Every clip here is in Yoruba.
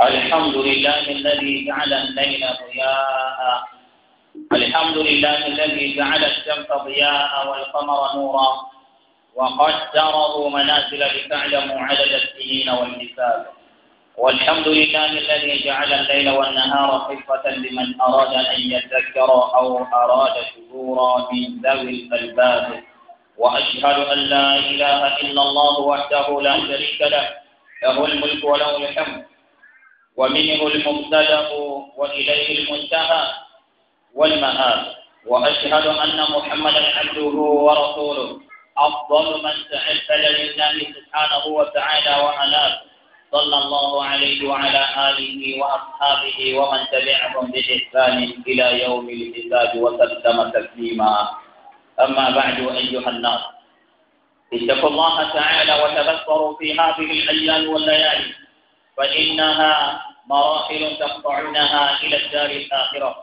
الحمد لله الذي جعل الليل ضياء الحمد لله الذي جعل الشمس ضياء والقمر نورا وقدره منازل لتعلموا عدد السنين والحساب والحمد لله الذي جعل الليل والنهار خفة لمن أراد أن يذكر أو أراد شكورا من ذوي الألباب وأشهد أن لا إله إلا الله وحده لا شريك له له الملك وله الحمد ومنه المبتدا واليه المنتهى والمهاب واشهد ان محمدا عبده ورسوله افضل من تحفل لله سبحانه وتعالى واناب صلى الله عليه وعلى اله واصحابه ومن تبعهم باحسان الى يوم الحساب وسلم تسليما اما بعد ايها الناس اتقوا الله تعالى وتبصروا في هذه الايام والليالي فإنها مراحل تقطعونها إلى الدار الآخرة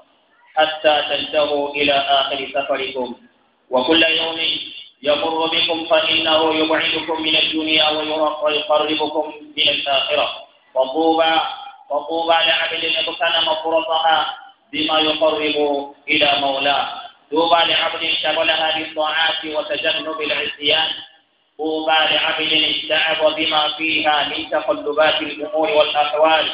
حتى تنتهوا إلى آخر سفركم وكل يوم يمر بكم فإنه يبعدكم من الدنيا ويقربكم من الآخرة وطوبى وطوبى لعبد اغتنم فرصها بما يقرب إلى مولاه طوبى لعبد شغلها بالطاعات وتجنب العصيان طوبى لعبد استعب بما فيها من تقلبات الأمور والأحوال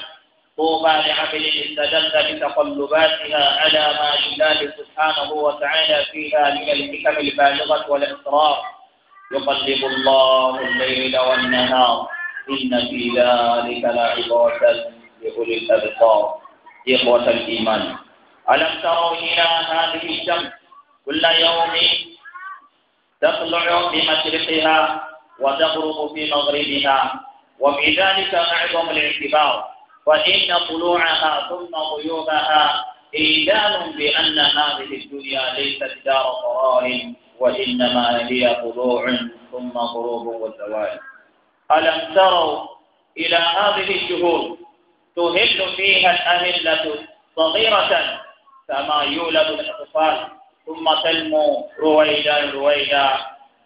طوبى لعمل استدل بتقلباتها على ما لله سبحانه وتعالى فيها من الحكم البالغة والإصرار يقلب الله الليل والنهار إن في ذلك لعبرة لأولي الأبصار إخوة الإيمان ألم تروا إلى هذه الشمس كل يوم تطلع بمشرقها وتغرب في مغربها وفي ذلك معظم الاعتبار فإن طلوعها ثم غيوبها ايجاب بأن هذه الدنيا ليست دار قرار وإنما هي طلوع ثم غروب وزوال ألم تروا إلى هذه الشهور تهل فيها الأهلة صغيرة كما يولد الأطفال ثم تنمو رويدا رويدا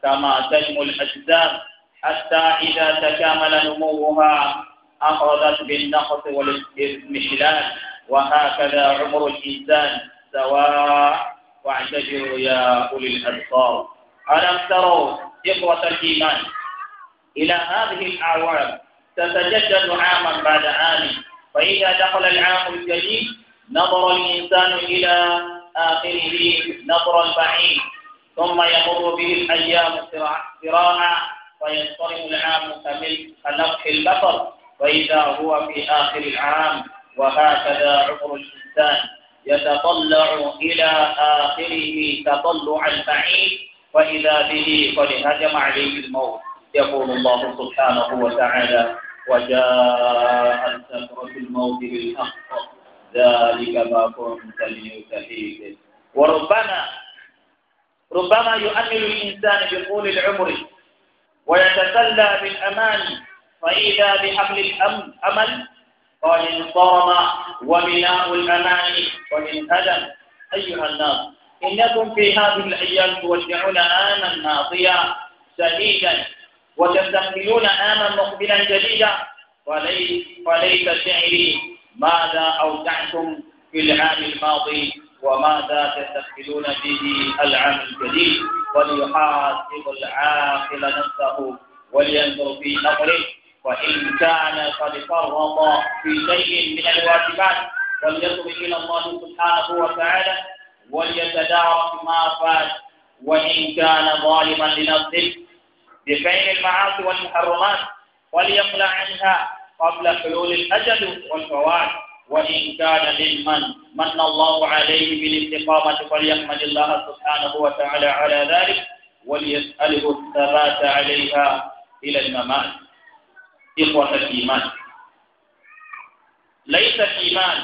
كما تنمو الأجزاء حتى إذا تكامل نموها أخرجت بالنقص والاستمشلال وهكذا عمر الإنسان سواء واعتبروا يا أولي الأبصار ألم تروا إخوة الإيمان إلى هذه الأعوام تتجدد عاما بعد عام فإذا دخل العام الجديد نظر الإنسان إلى آخره نظرا بعيد ثم يمر به الأيام سراعا فينصرم العام كنفح البصر فإذا هو في آخر العام وهكذا عمر الإنسان يتطلع إلى آخره تطلعا بعيد فإذا به قد هجم عليه الموت يقول الله سبحانه وتعالى وجاءت سكرة الموت بالحق ذلك ما كنت لتحيد وربما ربما يؤمل الإنسان بطول العمر ويتسلى بالأمان فإذا بحمل الأمل قال انصرم وبناء الأماني ومن أدم أيها الناس إنكم في هذه الأيام تودعون آما ماضيا سديدا وتستقبلون آما مقبلا جديدا وليس, وليس شعري ماذا أودعتم في العام الماضي وماذا تستقبلون به العام الجديد وليحاسب العاقل نفسه ولينظر في أمره وإن كان قد فرط في شيء من الواجبات وليتوب إلى الله سبحانه وتعالى وليتدارك ما فات وإن كان ظالما لنفسه بفعل المعاصي والمحرمات وليقلع عنها قبل حلول الأجل والفوات وإن كان ممن من الله عليه بالاستقامة فليحمد الله سبحانه وتعالى على ذلك وليسأله الثبات عليها إلى الممات إخوة الإيمان ليس الإيمان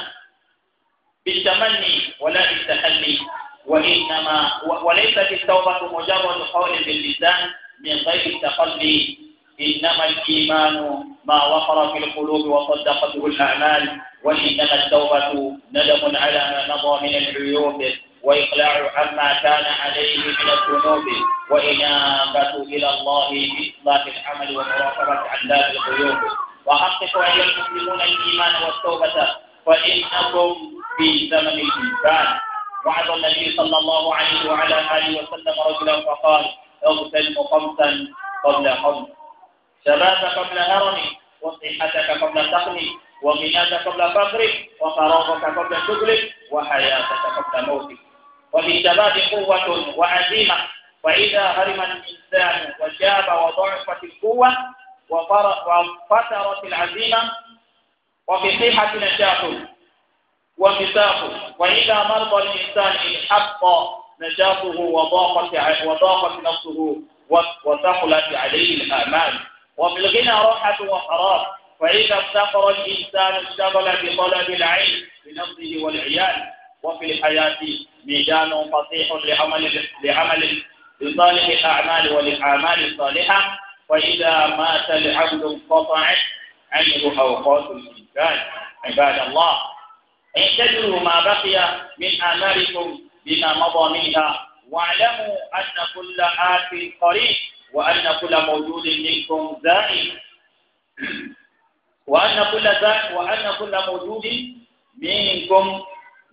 بالتمني ولا بالتحلي وإنما وليست التوبة مجرد قول باللسان من غير التقلي إنما الإيمان ما وقر في القلوب وصدقته الأعمال وإنما التوبة ندم على ما مضى من العيوب وإقلاع عما كان عليه من الذنوب وإنابة إلى الله بإصلاح العمل ومراقبة عذاب القلوب وحققوا أيها المسلمون الإيمان والتوبة فإنكم في زمن الإنسان وعظ النبي صلى الله عليه وعلى آله وسلم رجلا فقال اغتنم خمسا قبل خمس شبابك قبل هرم وصحتك قبل سقم وغناك قبل فقرك وفراغك قبل شغلك وحياتك قبل موتك وللشباب قوة وعزيمة فإذا هرم الإنسان وشاب وضعفت القوة وفترت العزيمة وفي صحة نشاط ومساق وإذا مرض الإنسان حق نشاطه وضاقت وضاقت نفسه وثقلت عليه الآمال وفي الغنى راحة وقرار فإذا افتقر الإنسان اشتغل بطلب العلم بنفسه والعيال وفي الحياة ميدان فصيح لعمل لعمل لصالح الأعمال وللأعمال الصالحة فإذا مات العبد انقطع عنه أوقات الإنسان عباد الله اعتدلوا ما بقي من آمالكم بما مضى منها واعلموا أن كل آت قريب وأن كل موجود منكم زائد وأن كل زائد وأن كل موجود منكم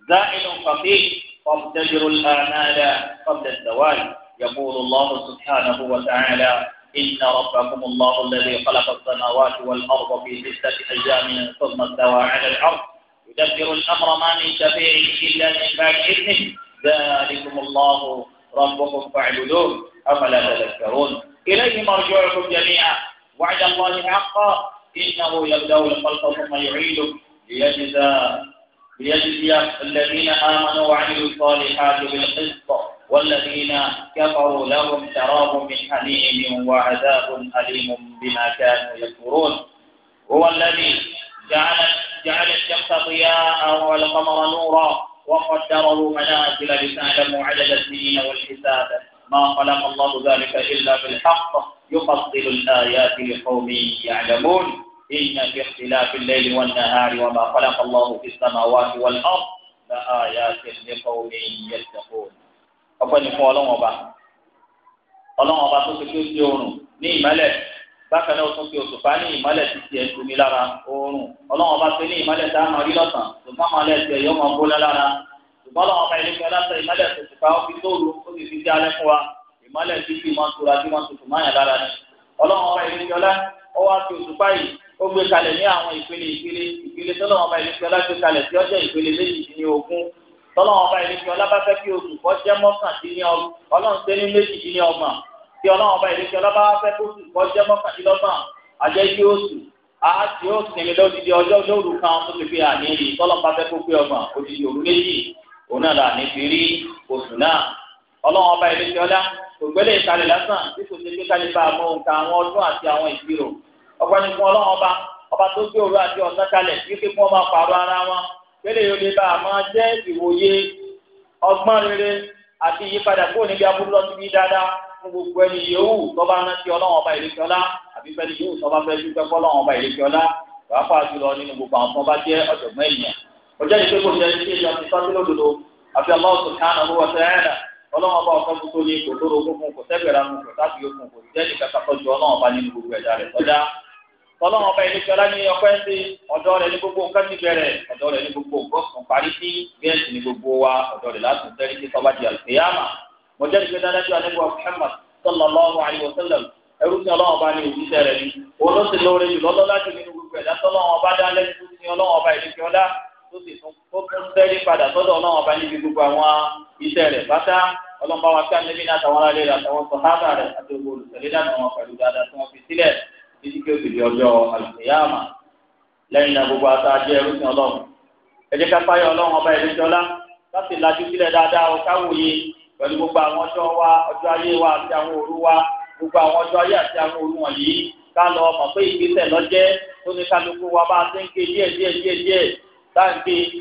زائل فقير فابتدروا الآمال قبل الزوال يقول الله سبحانه وتعالى إن ربكم الله الذي خلق السماوات والأرض في ستة أيام ثم استوى على الأرض يدبر الأمر ما من شفيع إلا من بعد إذنه ذلكم الله ربكم فاعبدوه أفلا تذكرون إليه مرجعكم جميعا وعد الله حقا إنه يبدأ الخلق ثم يعيده ليجزى ليجزي الذين آمنوا وعملوا الصالحات بالقسط والذين كفروا لهم شراب من حميم وعذاب أليم بما كانوا يكفرون هو الذي جعل جعل الشمس ضياء والقمر نورا وقدره منازل لتعلموا عدد السنين والحساب ما خلق الله ذلك إلا بالحق يفصل الآيات لقوم يعلمون إن في اختلاف الليل والنهار وما خلق الله في السماوات والأرض لآيات لقوم يتقون ọpẹ́ ni fún Ọlọ́run ọba Ọlọ́run ọba tó ti tó ti oòrùn ní ìmọ́lẹ̀ bákan náà tó ti òṣùpá ní ìmọ́lẹ̀ títí ẹtù mi lára oòrùn Ọlọ́run ọba tó ní ìmọ́lẹ̀ tá a máa rí lọ́sàn ṣùgbọ́n mọ́lẹ̀ tí ẹyọ máa gbóná lára ṣùgbọ́n Ọlọ́run ọba ìlú fẹlẹ sọ ìmọ́lẹ̀ tó ti pa ó fi tóoru ó sì fi dé alẹ́ fún wa ìmọ́lẹ̀ títí máa ń tura tí wọn tuntun máa yàn lára ni Ọlọ́run ọba ìlú fẹlẹ ọwọ́ àti òṣùpá yìí ó gbé kalẹ̀ ní àwọn ìpele ìpele ìpele tọ́lọ́wọ́n ọba ìlú fiọ́lá gbé kalẹ̀ tí ó jẹ́ ìpele méjìdínlógún tọ́lọ́wọ́n ọba ìlú fiọ́lá bá fẹ́ kí oṣù kọ́ jẹ́ mọ́kàndínlọ́gbọ̀n ọlọ́run tẹ́ ní méjìdínlọ́gbọ̀n tí ọlọ́run ọba ìlú fiọ́lá bá fẹ́ kí oṣù kọ́ jẹ́ mọ́kàndínlọ́gbọ̀n àjẹ́ kí oṣù àti ó sinmi lódìdí ọjọ́ lóru kan tó ti fi àní rí tọ́lọ́run bá fẹ́ kó pé ọgbọ̀n odidi òru méjì òun náà là ní fi rí oṣù náà ọlọ́run ọba ìlú fiọ́lá ògbélé ìkalẹ̀ lásán tí kò ti gbé kalẹ̀ bá a mọ òǹkà àwọn ọdún àti àwọn ìṣirò ọ̀pọ̀ ni fún ọlọ́run ọba ọba tó gbé òru àti ọ̀sán kalẹ̀ wípé kí wọ́n máa pààrọ̀ ara wọn kéde yóò lè bá a máa jẹ́ ìwòye ọgbọ́n rere àti ìyípadà kúrò níbi aburú lọ síbi dáadáa fún gbogbo ẹni yòówù tọ́ba rántí ọlọ́run ọba ìrèké ọlá àbí fẹ́ni yòówù tọ́ba fẹ́ dúpẹ́ fọlọ́run ọba ìrèké ọlá wàá fà jùlọ nínú gbogbo àwọn tó bá jẹ́ ọ̀jọ̀gbọ́n ènìyàn ọjọ́ ìgbé kò jẹ́ ilé ìjọ ti sọ́sí lódodo àfi Allah subhanahu wa ta'ala ọlọ́run ọba ọ̀sán tuntun ní kò lóró gbogbo kò sẹ́gbẹ̀rẹ̀ àwọn kò sábì yókùn kò jẹ́ ìkàkàtọ́jú ọlọ́run ọba nínú gbogbo ẹ̀dá rẹ̀ sọ́jà tọ́lọ́mọ ọba ìlú sọlá ní ọpẹ́ sí ọ̀dọ́ rẹ̀ ní gbogbo nǹkan ti bẹ̀rẹ̀ ọ̀dọ́ rẹ̀ ní gbogbo nǹkan parí sí bẹ́ẹ̀ sì ní gbogbo wa ọ̀dọ́ rẹ̀ láti sẹ́rí sí sọ́ba di àlùfẹ́yàmà mo jẹ́ ìgbé dáadájú àdébọ̀ Muhammad sallallahu alayhi wa sallam ẹrú sí ọlọ́wọ́n ọba ní òjíṣẹ́ rẹ̀ ni olóṣè lóore jù lọ́dọ́ láti nínú gbogbo ẹ̀dá tọ́lọ́wọ́n ọba dá lẹ́nu sí ọlọ́wọ́n ọba ìlú sọlá tó sì tún sẹ́rí padà sọ́dọ̀ ọlọ́wọ́n ọba níbi gbogbo àwọn iṣẹ́ rẹ̀ pátá ọlọ́wọ́n bá wa kí ànábì náà àtàwọn wọ́n fi sílẹ̀ títí kí o sì di ọjọ́ àlùkìyàmà lẹ́yìn náà gbogbo ata jẹ́ ẹrúsìn ọlọ́run ẹ jẹ́ ká páyọ̀ ọlọ́run ọba ìlẹ́jọ́lá láti lajú sílẹ̀ dáadáa o káwòye pẹ̀lú gbogbo àwọn ọjọ́ wa ọjọ́ ayé wa àti àwọn òru wa gbogbo àwọn ọjọ́ ayé àti àwọn òru wọ̀nyí ká lọ mọ̀ pé ìgbésẹ̀ lọ́jẹ́ tó ní kálukú wa bá ti ń ké díẹ̀ díẹ̀ díẹ̀ díẹ̀ tá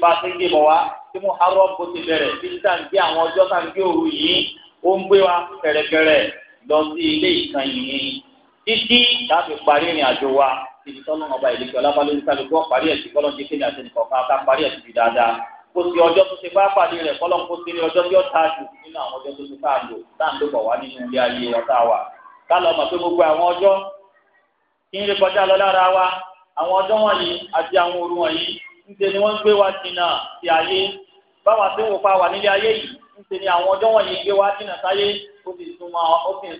bá ti ń ké bọ̀ wá tí mo arọ́ bó ti bẹ̀rẹ̀ bí tá àwọn ọjọ́ tá òru yìí ó ń gbé wa kẹ̀rẹ̀kẹ̀rẹ̀ lọ sí ilé ìkànnì títí láti parí ìrìn àjò wa títí tọ́lọ́ ọba ìlẹ́kẹ́ ọlábàlẹ́ oníkálukú ọ̀parí ẹ̀ sí kọ́lọ́ jẹ́ kéde àti nìkọ̀ọ̀kan ká parí ẹ̀ sí dáadáa kó ti ọjọ́ tó ti bá pàdé rẹ̀ kọ́lọ́ kó ti ní ọjọ́ tí ó ta jù nínú àwọn ọjọ́ tó ti bá lò táà ń lò bọ̀ wá nínú ilé ayé wa tá ká lọ mọ̀ pé gbogbo àwọn ọjọ́ kí ń rí lọ lára wa àwọn ọjọ́ wọ̀nyí àti àwọn òru wọ̀nyí ńṣe ni wọ́n ń gbé wa dìnà sí ayé báwa tí wò pa wà nílé ayé yìí ńṣe ni àwọn ọjọ́ wọ̀nyí gbé wa dìnà sáyé ó sì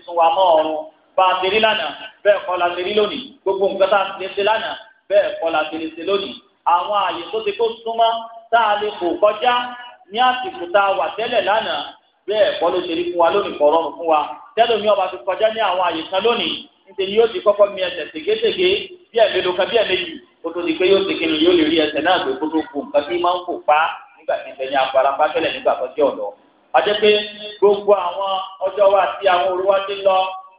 sún wa mọ́ ọ̀run bá a tẹ̀lé lánàá bẹ́ẹ̀ kọ́ la tẹ̀lé lónìí gbogbo nǹkan tá a ti ṣe lánàá bẹ́ẹ̀ kọ́ la tẹ̀lé ṣe lónìí àwọn àyè tó ti kó súnmọ́ tá a lè kó kọjá ní àsìkò tá a wà tẹ́lẹ̀ lánàá bẹ́ẹ̀ kọ́ ló ṣe rí fún wa lónìí kọ́ rọrùn fún wa tẹ́lẹ̀ mi ọba ti kọjá ní àwọn àyè kan lónìí níṣẹ́ ni yóò ti kọ́kọ́ mi ẹsẹ̀ ṣègéṣègé bí ẹ̀mélòó kan bí ẹ̀méjì ó tó di pé yóò ṣe kíni yóò lè rí ẹsẹ̀ náà gbé kó tó kù nǹkan tí máa ń kó pa nígbà tí ìfẹ́ ní agbára tẹ́lẹ̀ nígbà kan jẹ́ ọ̀dọ́. a jẹ́ pé gbogbo àwọn ọjọ́ wa àti àwọn òru ti lọ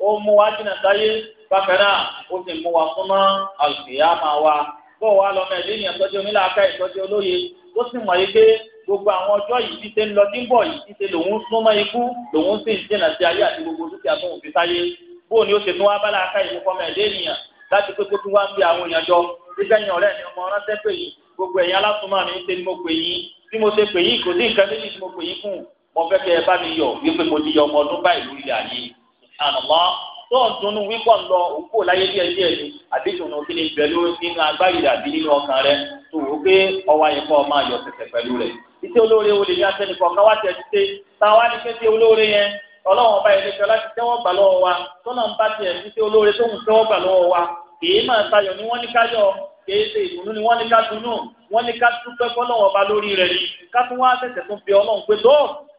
ó mú wa jìnnà sáyé bákan náà ó sì mú wa súnmọ́ àlùkìyámà wa bó wa lọ́mọ ẹ̀dẹ́ ènìyàn tọ́jú onílàáká ìtọ́jú olóye ó sì mọ̀ yí pé gbogbo àwọn ọjọ́ yìí ti ṣe ń lọ dínbọ̀ yìí ti ṣe lòun súnmọ́ ikú lòun sì ń jìnnà sí ayé àti gbogbo dúkìá tó ń fi sáyé bóun ni ó ṣe tún wá bálá aká ìlú fọmọ láti pé kó tún wá bí àwọn èèyàn jọ gbígbẹ́ yẹn ọ̀rẹ́ ni ọmọ ránṣẹ́ pè yín gbogbo ẹ̀yin alásùnmọ́ mi ṣe ni mo pè yín bí mo ṣe pè yín kò sí nǹkan méjì tí mo pè yín fún mo fẹ́ kẹ́ ẹ bá mi yọ̀ wípé mo ti yọ ọmọ ọdún báyìí lórí àyè subhanallah tó ń dunnú wípọ̀ ń lọ òkú láyé díẹ̀ díẹ̀ ni àbí tòun òfin ní ìbẹ̀lú nínú agbáyé àbí nínú ọkàn rẹ tó wò ó pé ọwọ́ ayé kọ́ máa yọ tẹ̀tẹ̀ pẹ̀lú rẹ̀ iṣẹ́ olóore wo lè ní atẹnukọ̀ káwá ti ṣe ọba láti tẹ́wọ́ gbà wa ń bá tiẹ̀ olóore wa kì í máa tayọ̀ kéèsè ìdùnnú ni wọ́n ní ká dunú wọ́n ní ká dúpẹ́ fọlọ́wọ́n ọba lórí rẹ̀ ni ká tún wá tẹ̀sẹ̀ tún fi ọlọ́run pé tó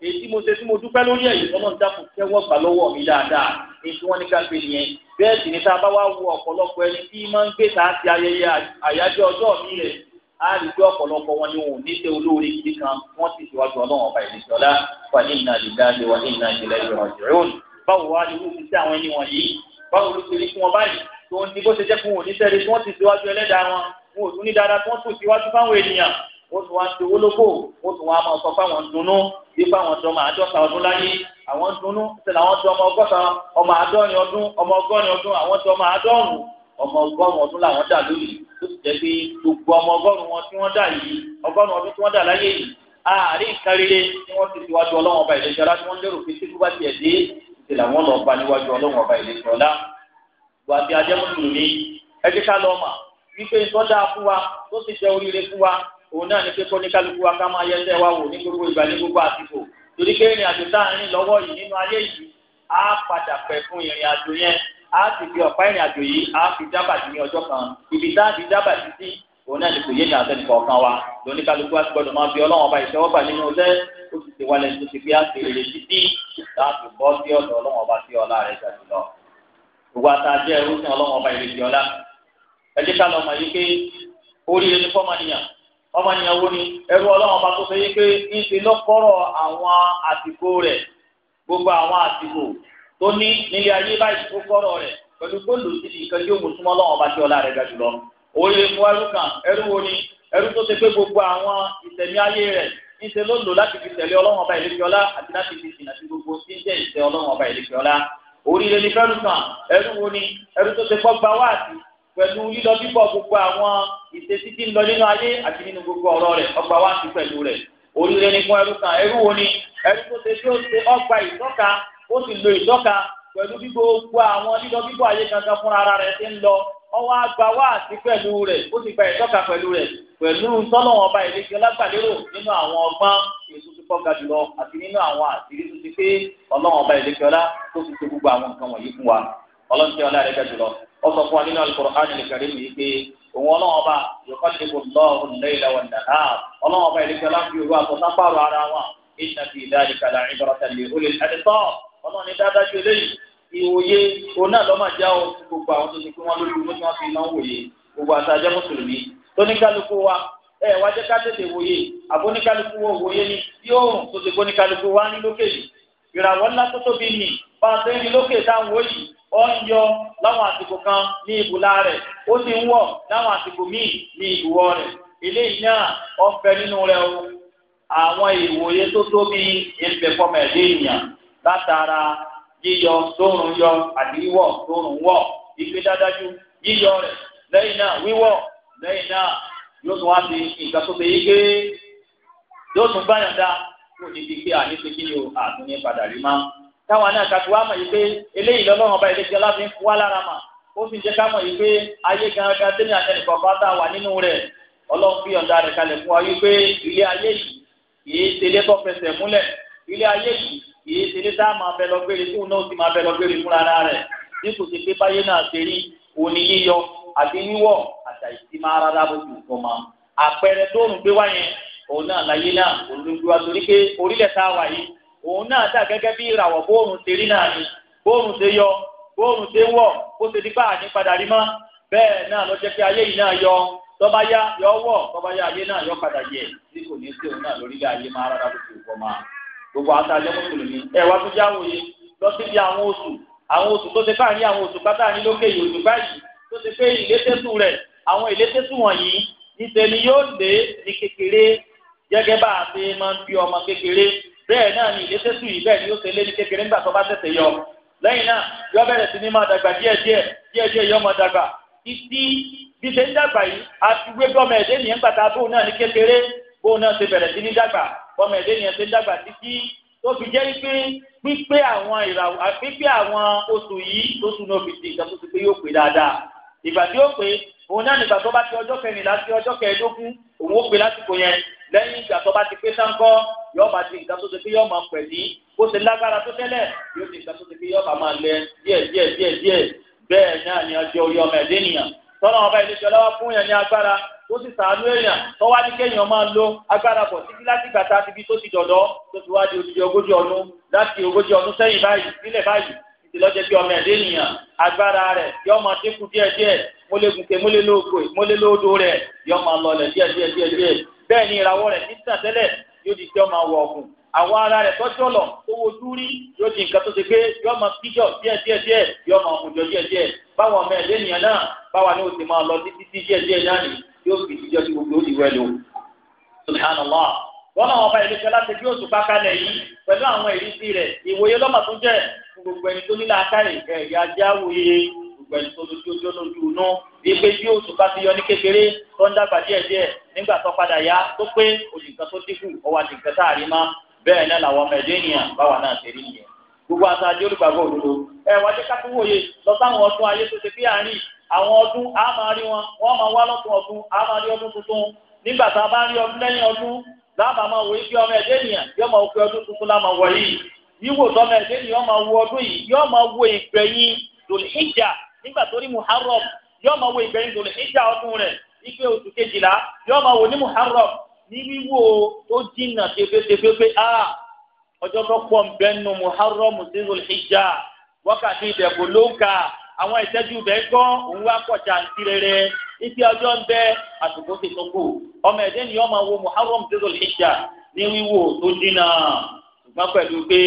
èyí tí mo ṣe tí mo dúpẹ́ lórí ẹ̀yìn ọlọ́run dákun kẹ́wọ́ gbà lọ́wọ́ mi dáadáa èyí tí wọ́n ní ká gbé nìyẹn bẹ́ẹ̀ sì ni tá a bá wá wo ọ̀pọ̀lọpọ̀ ẹni tí máa ń gbé tá a ti ayẹyẹ àyájọ́ ọjọ́ mi rẹ̀ á rí pé ọ̀pọ̀lọpọ̀ wọn ni wọn ò ní ṣe olóore gidi kan wọ́n sì ṣèwájú ọlọ́run ọba ìlẹ̀jọ́lá wà ní ìnà àdìgbà ni wà ní ìnà ìlẹ̀ ìrọ̀jùrún báwo wá ni wọ́n ti ṣe àwọn ẹni wọ̀nyí báwo ló ṣe rí fún wọn báyìí tó ní bó ṣe jẹ́ fún òní sẹ́ni tí wọ́n ti síwájú ẹlẹ́dàá wọn wọn ò tún ní dáadáa tí wọ́n tún síwájú fáwọn ènìyàn wọ́n tún wá ń ṣe owó lóko wọ́n tún wá máa sọ fáwọn dunnú nípa àwọn ọdún ọmọ àádọ́ta ọdún láyé àwọn dunnú ṣẹlẹ̀ àwọn ọdún ọmọ ọgọ́ta ọmọ àádọ́rin ọdún ọmọ ọgọ́rin ọdún àwọn ọdún ọmọ àádọ́rùn ọmọ ọgọ́rùn ọdún làwọn dà lónìí tó ti jẹ́ pé gbogbo ọmọ ọgọ́rùn wọn tí wọ́n dà yìí ọgọ́rùn ọdún tí wọ́n dà láyé yìí àárín ìkarire tí wọ́n ti fi wájú ọlọ́wọ́n wà bí ajẹ́mọ́tò mi ẹ jẹ́ ká lọ́ọ́ mà wípé ìtọ́jà fún wa tó sì jẹ́ oríire fún wa òun náà ní pé kó ní kálukú wa ká máa yẹsẹ̀ wa wò ní gbogbo ìgbà ní gbogbo àsìkò torí pé ìrìn àjò tá à ń rìn lọ́wọ́ yìí nínú ayé yìí á padà pẹ̀ fún ìrìn àjò yẹn á sì fi ọ̀pá ìrìn àjò yìí á fi dábàdì ní ọjọ́ kan ibi tá a fi dábàdì sí òun náà ní kò yé ní àtẹnìkọ̀ kan wa lóní kálukú wa ti gbọdọ̀ máa fi ọlọ́run ọba ìṣẹ́wọ́gbà nínú ọjọ́ ó sì ti tó ti fi á ti rèé títí láti bọ́ sí ọ̀dọ̀ ọlọ́run ọba sí ọlá rẹ̀ jàdùlọ gbogbo àtàjẹ ẹrúsìn ọlọ́wọ́n ọba ìrètí ọlá ẹjẹ ká lọ́mọ yìí pé oríire ní fọ́mọnìyàn ọmọnìyàn wo ni ẹrú ọlọ́wọ́n ọba tó fẹ́ yìí pé ń ṣe lọ́kọ́rọ̀ àwọn àsìkò rẹ̀ gbogbo àwọn àsìkò tó ní nílé ayé báyìí tó kọ́rọ̀ rẹ̀ pẹ̀lú gbòòlù sí ìkan tí ó mú súnmọ́ ọlọ́wọ́n ọba tí ọlá rẹ̀ ga jùlọ oríire fún ẹrú kan ẹrú wo ni ẹrú tó ṣe pé gbogbo àwọn ìtẹ̀mí ayé rẹ̀ níṣẹ́ ló oríire ní fẹ́rùsàn ẹrú wo ni ẹrú tó ṣe kọ́ gba wáàsí pẹ̀lú lílọ bíbọ̀ gbogbo àwọn ìṣesí tí ń lọ nínú ayé àti nínú gbogbo ọ̀rọ̀ rẹ̀ ọgbà wáàsí pẹ̀lú rẹ̀ oríire ní fún ẹrú kan ẹrú wo ni ẹrú tó ṣe tí ó ṣe ọgbà ìtọ́ka ó sì lo ìtọ́ka pẹ̀lú bí gbogbo àwọn lílọ bíbọ̀ ayé kankan fúnra rẹ̀ ṣe ń lọ ọwọ́ àgbà wá àti pẹ̀lú rẹ̀ ó ti gba ìtọ́ka pẹ̀lú rẹ̀ pẹ̀lú tọ́lọ́wọ́n ọba ìlẹ́jọ́ lágbàlérò nínú àwọn ọgbọ́n èso tó kọ́ ga jùlọ àti nínú àwọn àṣírí tó ti pé ọlọ́wọ́n ọba ìlẹ́jọ́ lá tó fi ṣe gbogbo àwọn nǹkan wọ̀nyí fún wa ọlọ́run tí ọlá rẹ̀ ga jùlọ ó sọ fún wa nínú Al-Qur'an al-Karim yìí pé òun ọlọ́wọ́n ọba yòókọ́ ti kò lọ́ọ̀hún lẹ́yìn lọ́wọ́ nàá ọlọ́wọ́n ọba ìlẹ́jọ́ lá fi òru àtọ́sá pààrọ̀ ara wọn ìṣàfihàn ìdáríkàlà ìbọ̀rọ̀tàlẹ̀ olè àdìsọ́ ọlọ́run ní dáadáa ju eléyìí ìwòye òun náà lọ́mọ já o gbogbo àwọn tó ti pé wọ́n lórí owó tí wọ́n fi náà wòye gbogbo àtàjẹ́ mùsùlùmí tóníkálukú wa ẹ wá jẹ́ ká tètè wòye àbóníkálukú wo wòye ni yóò rùn tó ti bóníkálukú wa ní lókè yìí ìràwọ̀ ńlá tó tóbi nì bá a fẹ́ ní lókè táwọn òyì ọ ń yọ láwọn àsìkò kan ní ìbùlá rẹ̀ ó ti ń wọ̀ láwọn àsìkò míì ní ìwọ̀ rẹ̀ eléyìí náà ọ ń nínú rẹ̀ o àwọn ìwòye tó tóbi ń bẹ ènìyàn látara yíyọ tóòrùn yọ àti wíwọ̀ tóòrùn wọ̀ ìgbé dáadájú yíyọ rẹ̀ lẹ́yìn náà wíwọ̀ lẹ́yìn náà yóò tún wá sí nǹkan tó ṣe yí pé yóò tún báyàn dá kó ní fi pé àní ṣe kí ni o àtún ní padà rí máa táwọn náà kàtó wá mọ̀ yí pé eléyìí lọ́lọ́run ọba ìlẹ́sẹ̀ láti ń fún wá lára mà ó fi jẹ́ ká mọ̀ yí pé ayé gangan tẹ́lẹ̀ àtẹnìkọ̀ pátá wà nínú rẹ̀ ọlọ́run fi ọ̀dà rẹ̀ kalẹ̀ fún wa yí pé ilé ayé yìí kì kì í ṣe ní tá a máa bẹ lọ gbére tí òun náà ti máa bẹ lọ gbére fúnra ara rẹ̀ bí kò ṣe pé báyé náà ṣe rí òní yíyọ àbí wíwọ̀ àtà ìsinmi ara lábò ju nǹkan mọ́ àpẹẹrẹ tó ń gbé wá yẹn òun náà láyé náà òun ló gbé wá torí pé orílẹ̀ tá a wà yìí òun náà dà gẹ́gẹ́ bí ìràwọ̀ bóòrùn ṣe rí náà ni bóòrùn ṣe yọ bóòrùn ṣe wọ̀ bó ṣe dípà ní rí mọ́ bẹ́ẹ̀ náà ló jẹ́ pé ayé yìí náà yọ tọ́ba yá yọ wọ̀ tọ́ba yá ayé náà yọ padà yẹ tí kò ní sí òun náà lórílẹ̀ ayé máa rárá bó ṣe wọ̀ máa gbogbo àwọn àtàjọ mùsùlùmí ẹ wá tó jáwọ́ yìí lọ síbi àwọn oṣù àwọn oṣù tó ti káàní àwọn oṣù kátà ní lókè yìí oṣù báyìí tó ti pé ìlétésù rẹ̀ àwọn ìlétésù wọ̀nyí níṣẹ́ ni yóò lé ní kékeré gẹ́gẹ́ bá a ṣe máa ń fi ọmọ kékeré bẹ́ẹ̀ náà ni ìlétésù yìí bẹ́ẹ̀ ni ó ṣe lé ní kékeré nígbà tó bá tẹ̀sẹ̀ yọ lẹ́yìn náà yọ bẹ̀rẹ̀ sí ní máa dàgbà díẹ̀ díẹ̀ dàgbà ọmọ ẹ̀dẹ́ ni ẹ̀sẹ̀ dàgbà títí tó fi jẹ́ pé pípé àwọn ìràwọ̀ pípé àwọn oṣù yìí oṣù náà fi di nǹkan tó ti pé yóò pé dáadáa ìgbà tí ó pé òun náà nígbà tó bá ti ọjọ́ kẹrìnlá sí ọjọ́ kẹẹ̀ẹ́dógún òun ó pé lásìkò yẹn lẹ́yìn ìgbà tó bá ti pé sáńkọ́ yóò máa di nǹkan tó ti pé yóò máa pẹ̀ ní bó ti lágbára tó tẹ́lẹ̀ yóò di nǹkan tó ti pé yóò máa máa lẹ díẹ̀ díẹ̀ díẹ̀ díẹ̀ bẹ́ẹ̀ náà ni ọjọ́ orí ọmọ ẹ̀dẹ́ nìyàn tọ́lá ọba ìlú tó sì sàánú èèyàn tó wá ní kéèyàn máa lo agbára pọ̀ títí láti gbàtà síbi tó ti dọ̀dọ̀ tó ti wá di odidi ogójì ọdún láti ogójì ọdún sẹ́yìn báyìí nílẹ̀ báyìí ìlọ́jẹ́ bí ọmọ ẹ̀dẹ́ ènìyàn agbára rẹ̀ yọ máa dínkù díẹ̀díẹ̀ mólégunke mólélógo mólélódo rẹ̀ yọ máa lọlẹ̀ díẹ̀díẹ̀díẹ̀ bẹ́ẹ̀ ni ìràwọ̀ rẹ̀ ní sàtẹ́lẹ̀ yóò di jọ́ máa wọ ọ̀gùn àwọn ara rẹ̀ tọ́jú ọ̀lọ̀ tó wojú rí yóò di nǹkan tó ṣe pé yọ máa kíjọ díẹ̀díẹ̀díẹ̀ yọ máa mùjọ díẹ̀díẹ̀ báwọn ọmọ ẹ̀dẹ́ ènìyàn náà báwa ni ó ti máa lọ títí díẹ̀díẹ̀ náà nìyí yóò fi jíjọ́ sí gbogbo ó di wẹ́lú subhanallah bọ́lá wọn bá ilé iṣẹ́ láti bí oṣù pákálẹ̀ yìí pẹ̀lú àwọn ìrísí ìwòye tó jẹ́ gbogbo ẹni tó nílò akáyè ẹ̀rí ajá wòye gbogbo ẹni tó lójú ojú bí oṣù yọ ní kékeré tó ń dàgbà nígbà tó padà yá tó pé òṣìkan tó dínkù àti nǹkan tá a rí má náà làwọn ọmọ báwa àwọn ọdún a máa rí wọn wọ́n máa wá lọ́tún ọdún a máa rí ọdún tuntun nígbà tá a bá rí ọdún lẹ́yìn ọdún láàbà máa wòye bí ọmọ ẹ̀dẹ́ nìyàn yóò máa fi ọdún tuntun láàmà wọ̀ yìí wíwò tọ́mọ ẹ̀dẹ́ nìyàn yóò máa wo ọdún yìí yóò máa wo ìgbẹ̀yìn dòlìhíjà nígbà tó rí muharram yóò máa wo ìgbẹ̀yìn dòlìhíjà ọdún rẹ̀ ipe oṣù kejìlá yóò máa wò ní muharram ní wíwò tó jìnnà tefetefe pé ọjọ́ tó pọ̀ nbẹ́nu muharram sí dòlìhíjà wákàtí ìdẹ̀kùn ló àwọn ìtẹ́jú bẹ́ẹ̀ gbọ́ òun wá pọ̀ jàǹtí rere ibi ọjọ́ ń bẹ àsìkò ti tó kù ọmọ ẹ̀dẹ́ ni ọmọ wo muharram zero hijja ní wíwò tó dínà ṣùgbọ́n pẹ̀lú pé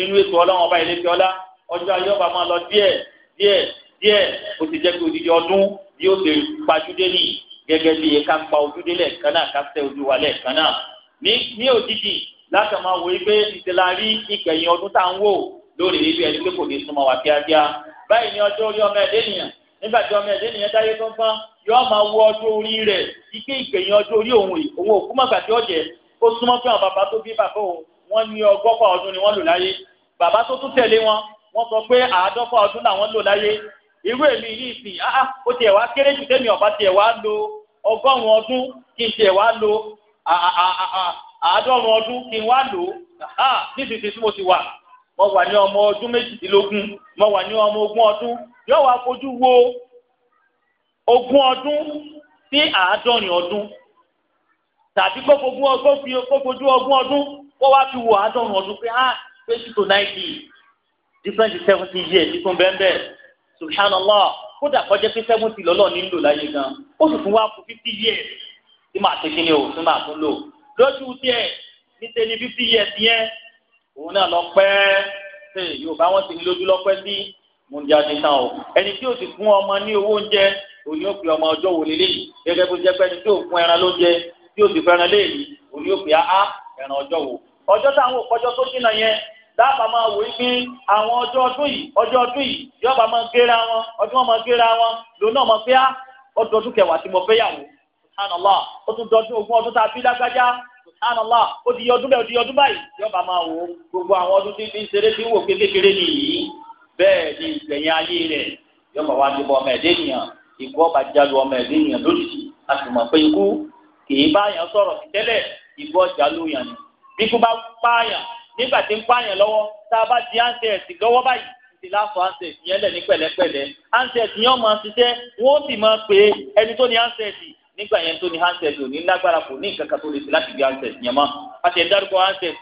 inú ètò ọlọ́run ọba ìlẹ́fẹ́ ọlá ọjọ́ ayé ọba máa lọ díẹ̀ díẹ̀ díẹ̀ ó ti jẹ́ pé odidi ọdún yóò ṣe pajúdé nì gẹ́gẹ́ bí ká pa ojúdé lẹ́ẹ̀kan náà ká tẹ ojú wa lẹ́ẹ̀kan náà ní òjijì láti máa wòye pé ìtẹ̀lárí ìkẹyìn ọdún tá à ń wò lórí rí bí ẹni pé kò ní súnmọ́ wa kíákíá báyìí ni ọjọ́ orí ọmọ ẹ̀dẹ́ nìyẹn nígbà tí ọmọ ẹ̀dẹ́ nìyẹn dáyé tó ń fán yóò máa wọ ọjọ́ orí rẹ̀ ike ìgbẹ̀yìn ọjọ́ orí òun òun òkú mọ̀gbà tí ó jẹ́ ó súnmọ́ fún àwọn bàbá tó bí bàbá òun wọ́n ní ọgọ́fà ọdún ni wọ́n lò láyé bàbá tó tún tẹ̀lé wọn wọ́n sọ pé àádọ́fà ọdún làwọn lò láyé irú èmi yìí sì áá ó tiẹ̀ wá kéré jù tẹ́mi ọ̀bá tiẹ̀ wá lo ọgọ́rùn-ún ọdún kí n tiẹ̀ wá lo àádọ́rùn-ún ọdún kí n wá lò nísinsìnyí tí mo ti wà mo wà ní ọmọ ọdún méjìdínlógún mo wà ní ọmọ ogún ọdún yóò wá fojú wo ogún ọdún sí àádọ́rin ọdún tàbí kó fojú ogún ọdún kó wá fi wo àádọ́rin ọdún pé ah twenty to ninety different seventy years ní fún bẹ́ẹ̀ bẹ́ẹ̀ subhanallah kódà kọjá pé seventy lọ́lọ́ nílò láyé gan ó sì tún wá fún fifty years tí màá ṣe kí ni o tí màá tún lò lójú tiẹ̀ níṣẹ́ ni fifty years yẹn òun náà lọ pẹ́ ṣe yorùbá wọn ti ní lójú lọ́pẹ́ sí múndíá tán o ẹni tí o ti fún ọmọ ní owó oúnjẹ òní ó pè ọmọ ọjọ́ wò lélẹ́yìí gẹ́gẹ́ bó jẹ́ pé ẹni tí o fún ẹran lóúnjẹ tí o ti fún ẹran léèlì òní ó pè á ẹran ọjọ́ wò ọjọ́ táwọn òkọjọ́ tó jìnnà yẹn dábàá máa wò àwọn ọjọ́ ọdún yìí ọjọ́ ọdún yìí yọba máa wọn ọdún máa wọn kẹwàá tí mo fẹ́ yàwó ó subhanallah ó ti yọ ọdún bẹ́ẹ̀ ó ti yọ ọdún báyìí yọba máa wò gbogbo àwọn ọdún tí ń ṣeré tí ń wò kékeré nìyí bẹ́ẹ̀ ni ìgbẹ̀yìn ayé rẹ̀ yọba wá ti bọ ọmọ ẹ̀dẹ́ nìyàn ikú ọba jalu ọmọ ẹ̀dẹ́ nìyàn lójijì a sì mọ̀ pé ikú kìí báyàn sọ̀rọ̀ sí ikú ọjà ló yàn ni bí ikú bá pààyàn nígbà tí ń pààyàn lọ́wọ́ tá a bá di ansẹ̀ẹ̀sì lọ́wọ́ báyìí ti láfọ yẹn lẹ̀ ní pẹ̀lẹ́pẹ̀lẹ́ ansẹ̀ẹ̀sì yẹn máa ṣiṣẹ́ wọ́n sì máa pè ẹni tó ní ansẹ̀ẹ̀sì nígbà yẹn tó ní handset ò ní lágbára kò ní nǹkan kan tó lè ṣe láti gbé handset yẹn mọ́ àti ẹ̀dárúkọ handset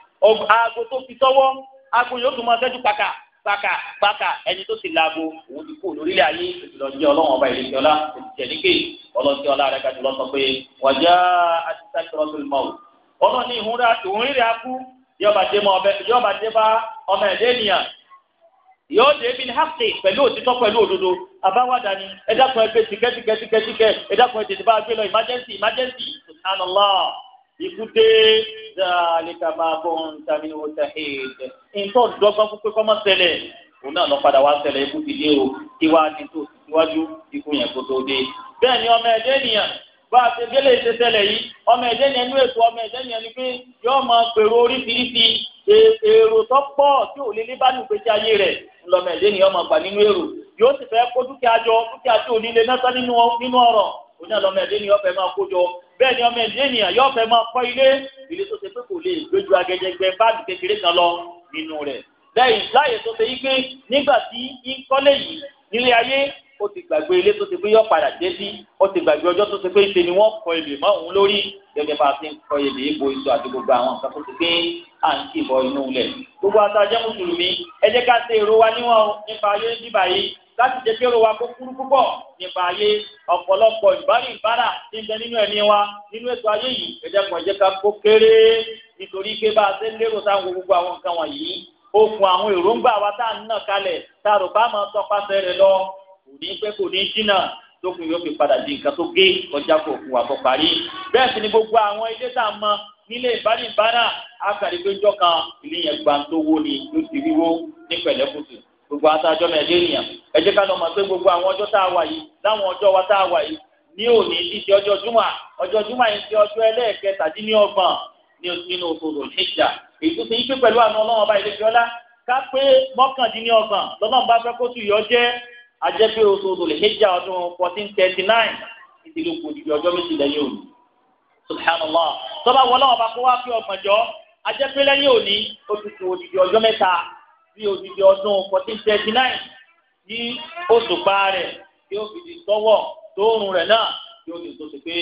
aago tó fi sọ́wọ́ aago yóò tún máa fẹ́jú pàkà pàkà pàkà ẹni tó sì laago òun ti kú lórílẹ̀ ayé ìlọ̀jẹ́ ọlọ́run ọba ìrètí ọlá ìtẹ̀lẹ́kẹ́ ọlọ́tí ọlá rẹ̀ gàdúrà sọ pé wàjà àti sákìrọ́tò mọ́ ọlọ́run ní ìhun rírẹ̀ akú yọba dé bá ọmọ ẹ̀dẹ́ ènìyàn yóò àbáwádà ni ẹ dákun ẹ pé tìkẹ́ tìkẹ́ tìkẹ́ ẹ dákun ẹ tètè bá a gbé lọ emergency emergency subhanallah ikute zaalika maa bọ̀ ntami wo tahid ntọ́ dọ́gbọ́n pípé kọ́mọ́ ṣẹlẹ̀ òun náà lọ padà wá ṣẹlẹ̀ ikú ti dé o iwájú tó síwájú ikú yẹn kó tó dé bẹ́ẹ̀ ni ọmọ ẹ̀dẹ́ ènìyàn bá a ṣe délé ṣe ṣẹlẹ̀ yìí ọmọ ẹ̀jẹ̀ yẹn ní ètò ọmọ ẹ̀jẹ̀ yẹn ni pé yóò máa pèrò oríṣiríṣi e, èrò tó pọ̀ tí ò lè ní bá nùgbésí ayé rẹ̀ ńlọmọ ẹ̀jẹ̀ yẹn máa gbà nínú èrò yóò sì fẹ́ kó dúkìá jọ dúkìá tí ò ní lè náta nínú ọ̀rọ̀ òní ọlọmọ ẹ̀jẹ̀ yẹn ọ̀fẹ́ máa kó jọ bẹ́ẹ̀ ni ọmọ ẹ̀jẹ̀ yẹn yọ̀ọ̀fẹ́ máa kọ́ ilé ilé tó ṣe pé kò lè gbójú agẹjẹgbẹ báàgì kékeré kan lọ nínú rẹ̀ lẹ́yìn láyè tó ṣe yí pé nígbà tí ó ti gbàgbé ilé tó ti pé yọ padà dé sí ó ti gbàgbé ọjọ́ tó ti pé ìṣe ni wọ́n kọ ebè mọ́ òun lórí gẹ́gẹ́ bá a ti ń kọ ebè ìbò ìṣó àti gbogbo àwọn nǹkan tó ti pé à ń kì bọ inú lẹ̀. gbogbo àtàjẹ́ mùsùlùmí ẹ jẹ́ ká ṣe èrò wa níwọ̀n nípa ayé bíbà yìí láti jẹ́ kí èrò wa kó kúrú púpọ̀ nípa ayé ọ̀pọ̀lọpọ̀ ìbárí ti ń bẹ kò ní pẹ́ kò ní jìnnà tókùn yóò fi padà di nǹkan tó gé kọjá kó fún wa kó parí bẹ́ẹ̀ sì ni gbogbo àwọn ilé tá a mọ nílé ìbánibánà akàrí pé jọ kan ilé yẹn gba tó wó ni ló ti wíwó ní pẹ̀lẹ́kùtù gbogbo àtàjọ nàìjíríà ẹ jẹ́ ká lọ mọ̀ pé gbogbo àwọn ọjọ́ tá a wà yìí láwọn ọjọ́ wa tá a wà yìí ní òní ti ti ọjọ́ júmọ̀ ọjọ́ júmọ̀ yìí ti ọjọ́ ẹlẹ́ẹ̀kẹtàdínlọ́gbọ̀n nínú oṣù ròhìnjà èyí tó ti yí pé pẹ̀lú àwọn ọlọ́wọ́n ọba ìlẹ́fíọ́lá ká pé mọ́kàndínlọ́gbọ̀n lọ́nà bá fẹ́ kó tù yọ jẹ́ ajẹ́ pé oṣooṣù lè hijja ọdún fourteen thirty nine ìdílé kò ju ọjọ́ méjì lẹ́yìn òní subhanallah tọ́ba wọlé ọba kó wá fi ọgbọ̀njọ́ ajẹ́ pé lẹ́yìn òní oṣooṣù òdìdí ọjọ́ mẹ́ta bí òdìdí ọdún fourteen thirty nine ní oṣù pa rẹ̀ bí ó fi di tọ́wọ̀ tóorùn rẹ̀ náà bí ó di tó ṣe pé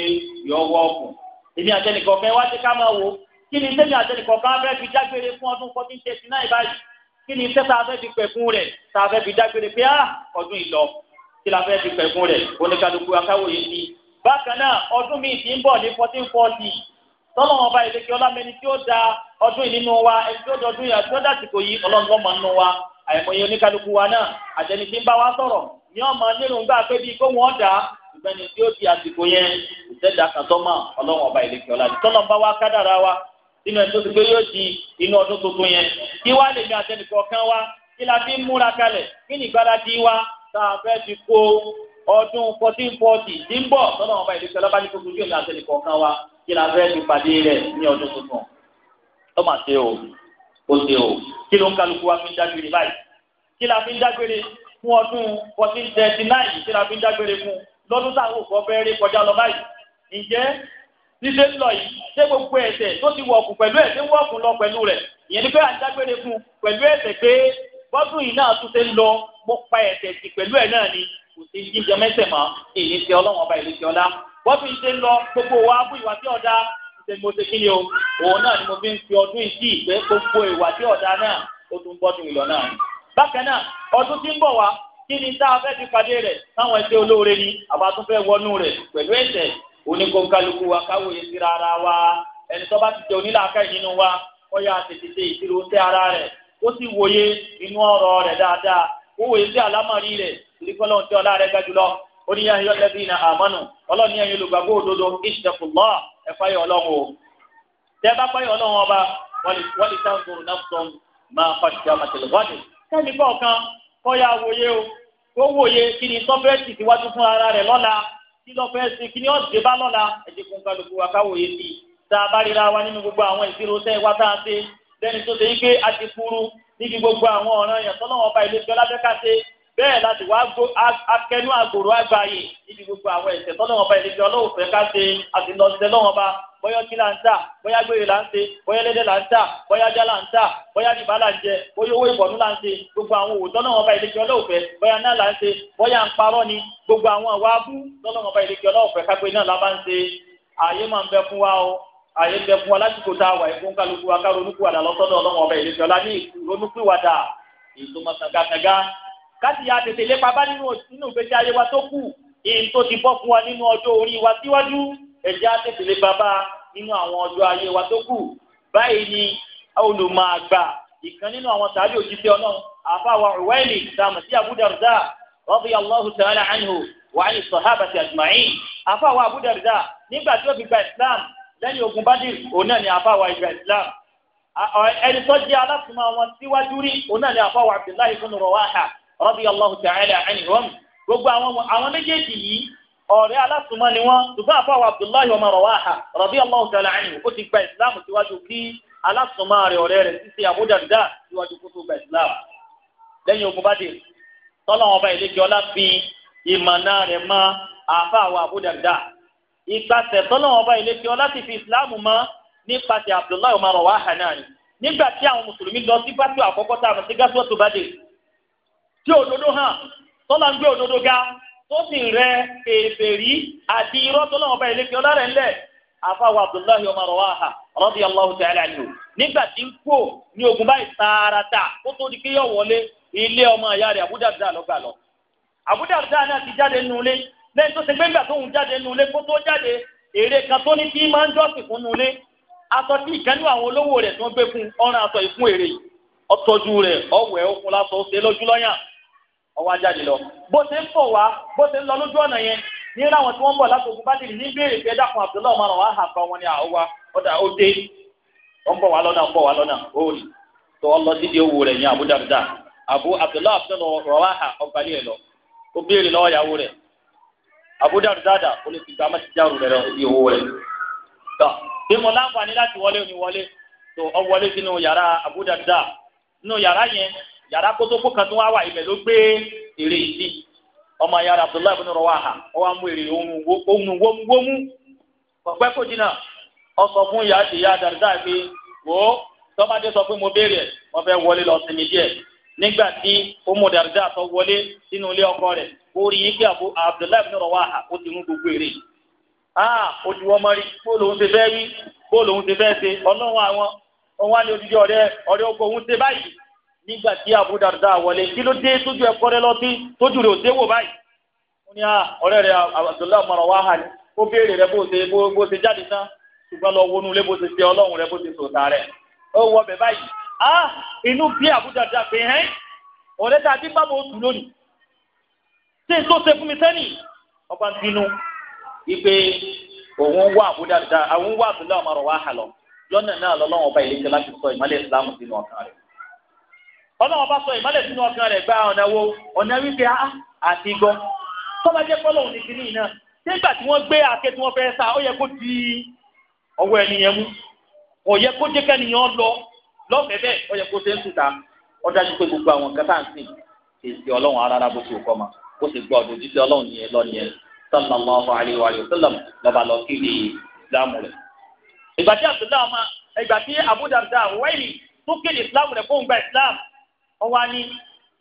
yọ wọ́ ọkùn èmi àtẹnìkọ̀ọ́kẹ́ wá sí ká máa wo kí ni sẹ́mi àtẹnìkọ̀ọ́kẹ́ wá fẹ́ fi dágbére fún ọdún fourteen thirty nine báyìí kí ni iṣẹ́ tá a fẹ́ fi pẹ̀kún rẹ̀ tá a fẹ́ fi dágbére pé á ah, ọdún yìí lọ kí la fẹ́ fi pẹ̀kún rẹ̀ oníkàlùkù akáwò yìí ni. bákan náà ọdún míì ti ń bọ̀ ní fourteen forty tọ́lọ́ wọn bá ilé kí ọlámẹni tí ó da ọdún yìí nínú wa ẹni tí ó da ọdún yìí àti ọdún àsìkò yìí ọlọ́run ọmọ nínú wa àìmọye oníkàlùkù wa náà àtẹni tí ń bá wa sọ̀rọ̀ ní ọmọ nírúngbà pé bíi kó wọn dà ìgbẹ́ni tí ó di àsìkò yẹn ìtẹ́jà kàtọ́mà ọlọ́run ọba ìlẹ̀kẹ́ ọ̀la tọ́lọ́mbá wa kádàrá wa sínú ẹni tó ti pé yóò di inú ọdún tuntun yẹn kí wá lè mi kan wá kí la fi ń múra kalẹ̀ kí ni ìgbáradì wa tá a fẹ́ fi kó ọdún fourteen forty tí ń bọ̀ sọ́nà ọba ìlú sọlá bá ní kókó yóò ní àtẹnìkọ̀ kan wá kí la fẹ́ fi pàdé rẹ̀ ní ọdún tuntun ó ṣe o ó ṣe o kí ló ń kálukú wa fi ń dágbére báyìí kí la fi ń dágbére fún ọdún fourteen thirty nine kí la fi ń dágbére fún lọ́dún táwọn òkú ọbẹ̀ rí kọjá lọ báyìí ǹjẹ́ ṣíṣe ń lọ yìí ṣé gbogbo ẹ̀ṣẹ̀ tó ti wọ̀kùn pẹ̀lú ẹ̀ ṣé wọ̀kùn lọ pẹ̀lú rẹ̀ ìyẹn ni pé àdágbére fún pẹ̀lú ẹ̀ṣẹ̀ pé bọ́dún yìí náà tún ṣe ń lọ mo pa ẹ̀ṣẹ̀ sí pẹ̀lú ẹ̀ náà ni kò sí jíjẹ mẹ́sẹ̀ mọ́ èyí ti ọlọ́wọ́n ọba ìlú ti ọlá bọ́dún yìí ṣe ń lọ gbogbo wa bú ìwà tí ọ̀dà ṣe mo ṣe kí ni o òun náà ni mo fi ń fi ọdún ìdí ìgbẹ́ gbogbo kí ni tá a fẹ́ ti pàdé rẹ̀ táwọn ẹgbẹ́ olóore ni àwa tún fẹ́ wọnú rẹ̀ pẹ̀lú ẹ̀ṣẹ̀ oníkóńkálukú wa káwòye síra ara wa ẹni tó ti jẹ onílàákà nínú wa ó tètè ṣe ìṣirò sí ara rẹ̀ ó sì wòye inú ọ̀rọ̀ rẹ̀ dáadáa ó wòye sí àlámọ̀rí rẹ̀ ìrìkọlọ tí ọlá rẹ̀ ga jùlọ ó ní àmọnù yẹn òdodo ìṣẹfùlọ o tẹ bá ọba wọn lè sáwọn tó náà sọ máa àmàtẹlẹ kọ́ ya wòye o kó wòye kí ni sọ́fẹ́ẹ̀tì ti wájú fún ara lọ́la kí ló fẹ́ ṣe kí ni ọ̀dẹ bá lọ́la ẹ̀jẹ̀ kún kálukú wa káwòye sí i tá a bá ríra wa nínú gbogbo àwọn ìṣirò tẹ́ wa tá a ṣe lẹ́ni tó ṣe yí pé a ti kúrú níbi gbogbo àwọn ọ̀ràn yẹn tọ́lọ́wọ́n ọba ìlú ìjọ lábẹ́ká ṣe bẹ́ẹ̀ láti wá akẹnu àgòrò àgbáyé níbi gbogbo àwọn ẹ̀ṣẹ̀ tọ́lọ́wọ́n bá ìdíje ọlọ́wọ́ fẹ́ ká ṣe àti lọ́sẹ̀ lọ́wọ́n bá bóyá ọtí là ń tà bóyá gbèrè là ń ṣe bóyá ẹlẹ́dẹ̀ là ń tà bóyá ajá là ń tà bóyá dìbà là ń jẹ bóyá owó ìbọ̀nú là ń ṣe gbogbo àwọn òwò tọ́lọ́wọ́n bá ìdíje ọlọ́wọ́ fẹ́ bóyá náà là ń ṣe bóyá ń parọ́ ni gbogbo àwọn àwa abú tọ́lọ́wọ́n bá ìdíje ọlọ́wọ́ fẹ́ kápẹ́ náà la bá ń ṣe ààyè máa ń bẹ fún wa o ààyè ń bẹ fún wa lásìkò tá a wà ẹ̀fún kálukú wa ká ronúkúwàdà lọ́sọ́dọ̀ ọlọ́wọ́n ọba ìdíje ọlá ní ìrònúkúwàdà èyí tó máa sàgàsàgà káti ya tètè lépa bá nínú nínú ìgbésí ayé wa tó kù èyí tó ti bọ́ fún wa nínú ọjọ́ orí wa síwájú ẹ̀jẹ̀ á tètè lépa bá nínú àwọn ọjọ́ ayé wa tó kù báyìí ni olùmọ̀àgbà ìkan nínú àwọn sàájú òjíṣẹ́ ọlọ́run àfàwà ọ̀wẹ́lì sàmù sí Abu Darda radiyallahu ta'ala anhu wa ani sahabati ajma'in àfàwà Abu Darda nígbà tí ó fi gba Islam lẹ́yìn ogun Badr òun náà ni àfàwà ìgbà Islam ẹni tó jẹ́ alásùnmọ́ wọn síwájú rí òun náà ni àfàwà Abdullahi fún Rawaha radiyallahu ta'ala anhum gbogbo àwọn àwọn méjèèjì yìí ọ̀rẹ́ alásùnmọ́ ni wọ́n ṣùgbọ́n àfọwọ́ abdullahi ọmọ rọwáhà radiyallahu ta'ala anhu ó ti gba ìsìláàmù síwájú kí alásùnmọ́ rẹ̀ ọ̀rẹ́ rẹ̀ ṣíṣe Abu Darda síwájú kó gba ìsìláàmù lẹ́yìn ogun bá dé tọ́lọ́wọ́n ọba ìlẹ́jọ́ ọlá fi ìmọ̀nà rẹ̀ mọ àfọwọ́ Abu Darda ìpasẹ̀ tọ́lọ́wọ́n ọba ìlẹ́jọ́ ọlá ti fi ìsìláàmù mọ́ nípasẹ̀ abdullahi ọmọ rọwáhà náà nígbà tí àwọn mùsùlùmí lọ sí gbàtú àkọ́kọ́ tá a mọ̀ sí gbàtú bá dé tí òdodo hàn tọ́lá ń gbé òdodo ga tó sì rẹ kèfèrí àti irọ́ tó lọ́wọ́ báyìí lẹ́kẹ́ ọlọ́rẹ̀ ńlẹ̀ afáwọ abdullahi ọmọ rọwà ha radiyallahu ta'ala anhu nígbà tí ń kó ní ogun báyìí tààràtà kó tó di pé yọ wọlé ilé ọmọ ìyá rẹ̀ Abu Darda lọ́gbà lọ náà ti jáde lẹ́yìn tó ṣe gbẹ́ngbà jáde kó tó jáde èrè kan tó ní ọwọ́ ajáde lọ bó ṣe ń pọ̀ wá bó ṣe ń lọ lójú ọ̀nà yẹn ní láwọn tí wọ́n ń bọ̀ ogun bádìrì ní béèrè pé ẹ̀dá kan Abdullahi ọmọ àwọn àhà wọn ni àwa ọ̀dà ó dé wọ́n bọ̀ wá lọ́nà ń bọ̀ wá lọ́nà ó tó lọ sídìí owó Abu Abu ẹ̀ lọ ó béèrè lọ́wọ́ ìyàwó rẹ̀ Abu Darda dà ó lè yàrá kótópó kan tó wá wà ibẹ̀ ló gbé èrè yìí sí ọmọ ayé ara Abdullahi bin Rawaha ó wá mú èrè ohun wómúwómú ọ̀pẹ́ kò jìnnà ó sọ fún ìyá àti ìyá Darda pé wò ó tọ́mádé sọ pé mo béèrè ẹ̀ wọ́n fẹ́ wọlé lọ sinmi díẹ̀ nígbà tí Ummu Darda tó wọlé sínú ilé ọkọ rẹ̀ ó rí i Abdullahi bin Rawaha ó ti mú gbogbo èrè ah ojú ọmọ rí bóòlù òun ti fẹ́ wí bóòlù òun ti fẹ́ ṣe ọlọ́run àwọn òun wá ní odidi ọ̀rẹ́ ọ̀rẹ́ oko òun ṣe báyìí nígbà tí Abu Darda wọlé kí ló dé tójú ẹ̀kọ́ rẹ lọ́tí tójú rẹ ò dé wò báyìí. wọ́n ní ah, ọ̀rẹ́ rẹ Abdullahi mọ̀ràn wá hàn ó béèrè rẹ bó ṣe bó ṣe jáde tán ṣùgbọ́n lọ wọnú ilé bó ṣe ṣe ọlọ́run rẹ bó ṣe sòtà rẹ. ó wọ bẹ̀ báyìí á ah, inú bí Abu Darda pé hẹ́n ọ̀rẹ́ tá a ti bá bò tù lónìí. ṣé n tó ṣe fún mi sẹ́nì ọba ń bínú wípé òun wá Abu Darda wá Abdullahi mọ̀ràn wá hàn lọ́nà náà lọ́lọ́run ọlọ́run bá sọ ìmọ́lẹ̀ sínú ọkàn rẹ̀ gba ọ̀nà wo ọ̀nà wípé a ah, ah, àti gbọ́ tọ́ba jẹ́ pọ́lọ́hún ní kinní náà nígbà tí wọ́n gbé àáké tí wọ́n fẹ́ sá ó yẹ kó di ọwọ́ ẹnìyẹn mú ó yẹ kó jẹ́ kẹ́nìyàn lọ lọ́fẹ̀ẹ́ bẹ́ẹ̀ ó yẹ kó ṣe ń ọ dájú pé gbogbo àwọn nǹkan tá à ń sìn kì í ṣe ọlọ́run bó ti kọ́ ma ó sì gbọ́ jíjẹ́ ọlọ́run yẹn lọ ọwọ́ á ní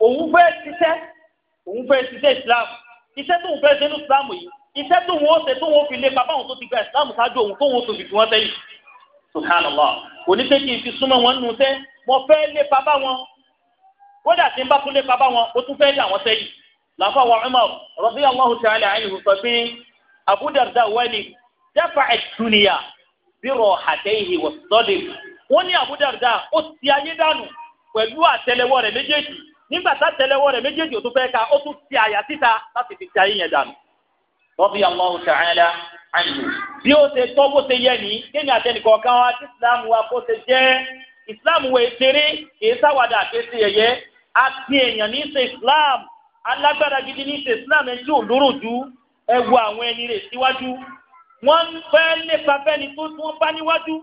òun fẹ́ ṣiṣẹ́ òun fẹ́ ṣiṣẹ́ islam iṣẹ́ tóun fẹ́ ṣe ní islam yìí iṣẹ́ tóun ó ṣe tóun ó fi lé bàbá òun tó ti gba islam ṣáájú òun tóun ó tóbi tí wọ́n sẹ́yìn subhanallah kò ní pé kí n fi súnmọ́ wọn nù sẹ́ mo fẹ́ lé bàbá wọn kódà tí n bá tún lé bàbá wọn ó tún fẹ́ lé àwọn sẹ́yìn làfà wa Umar radiyallahu ta'ala anhu sọ pé Abu Darda wali dafa ad-dunya bi rahatihi was-sadr wọ́n ní Abu Darda ó ti ayé dànù pẹ̀lú àtẹ́lẹwọ́ rẹ̀ méjèèjì nígbà tá àtẹ́lẹwọ́ rẹ̀ méjèèjì ó tún fẹ́ ka ó tún ti àyà síta láti fi ti ayé yẹn dànù. bí ó ṣe tọ́ bó ṣe yẹ ní kéènì àtẹnìkọ̀ọ̀kan wa tí ìsìláàmù wa kó ṣe jẹ́ ètèrè kìí ẹ̀yẹ àti èèyàn ní ṣe gidi ní ṣe ju àwọn ẹni rẹ̀ síwájú wọ́n fẹ́ tó bá níwájú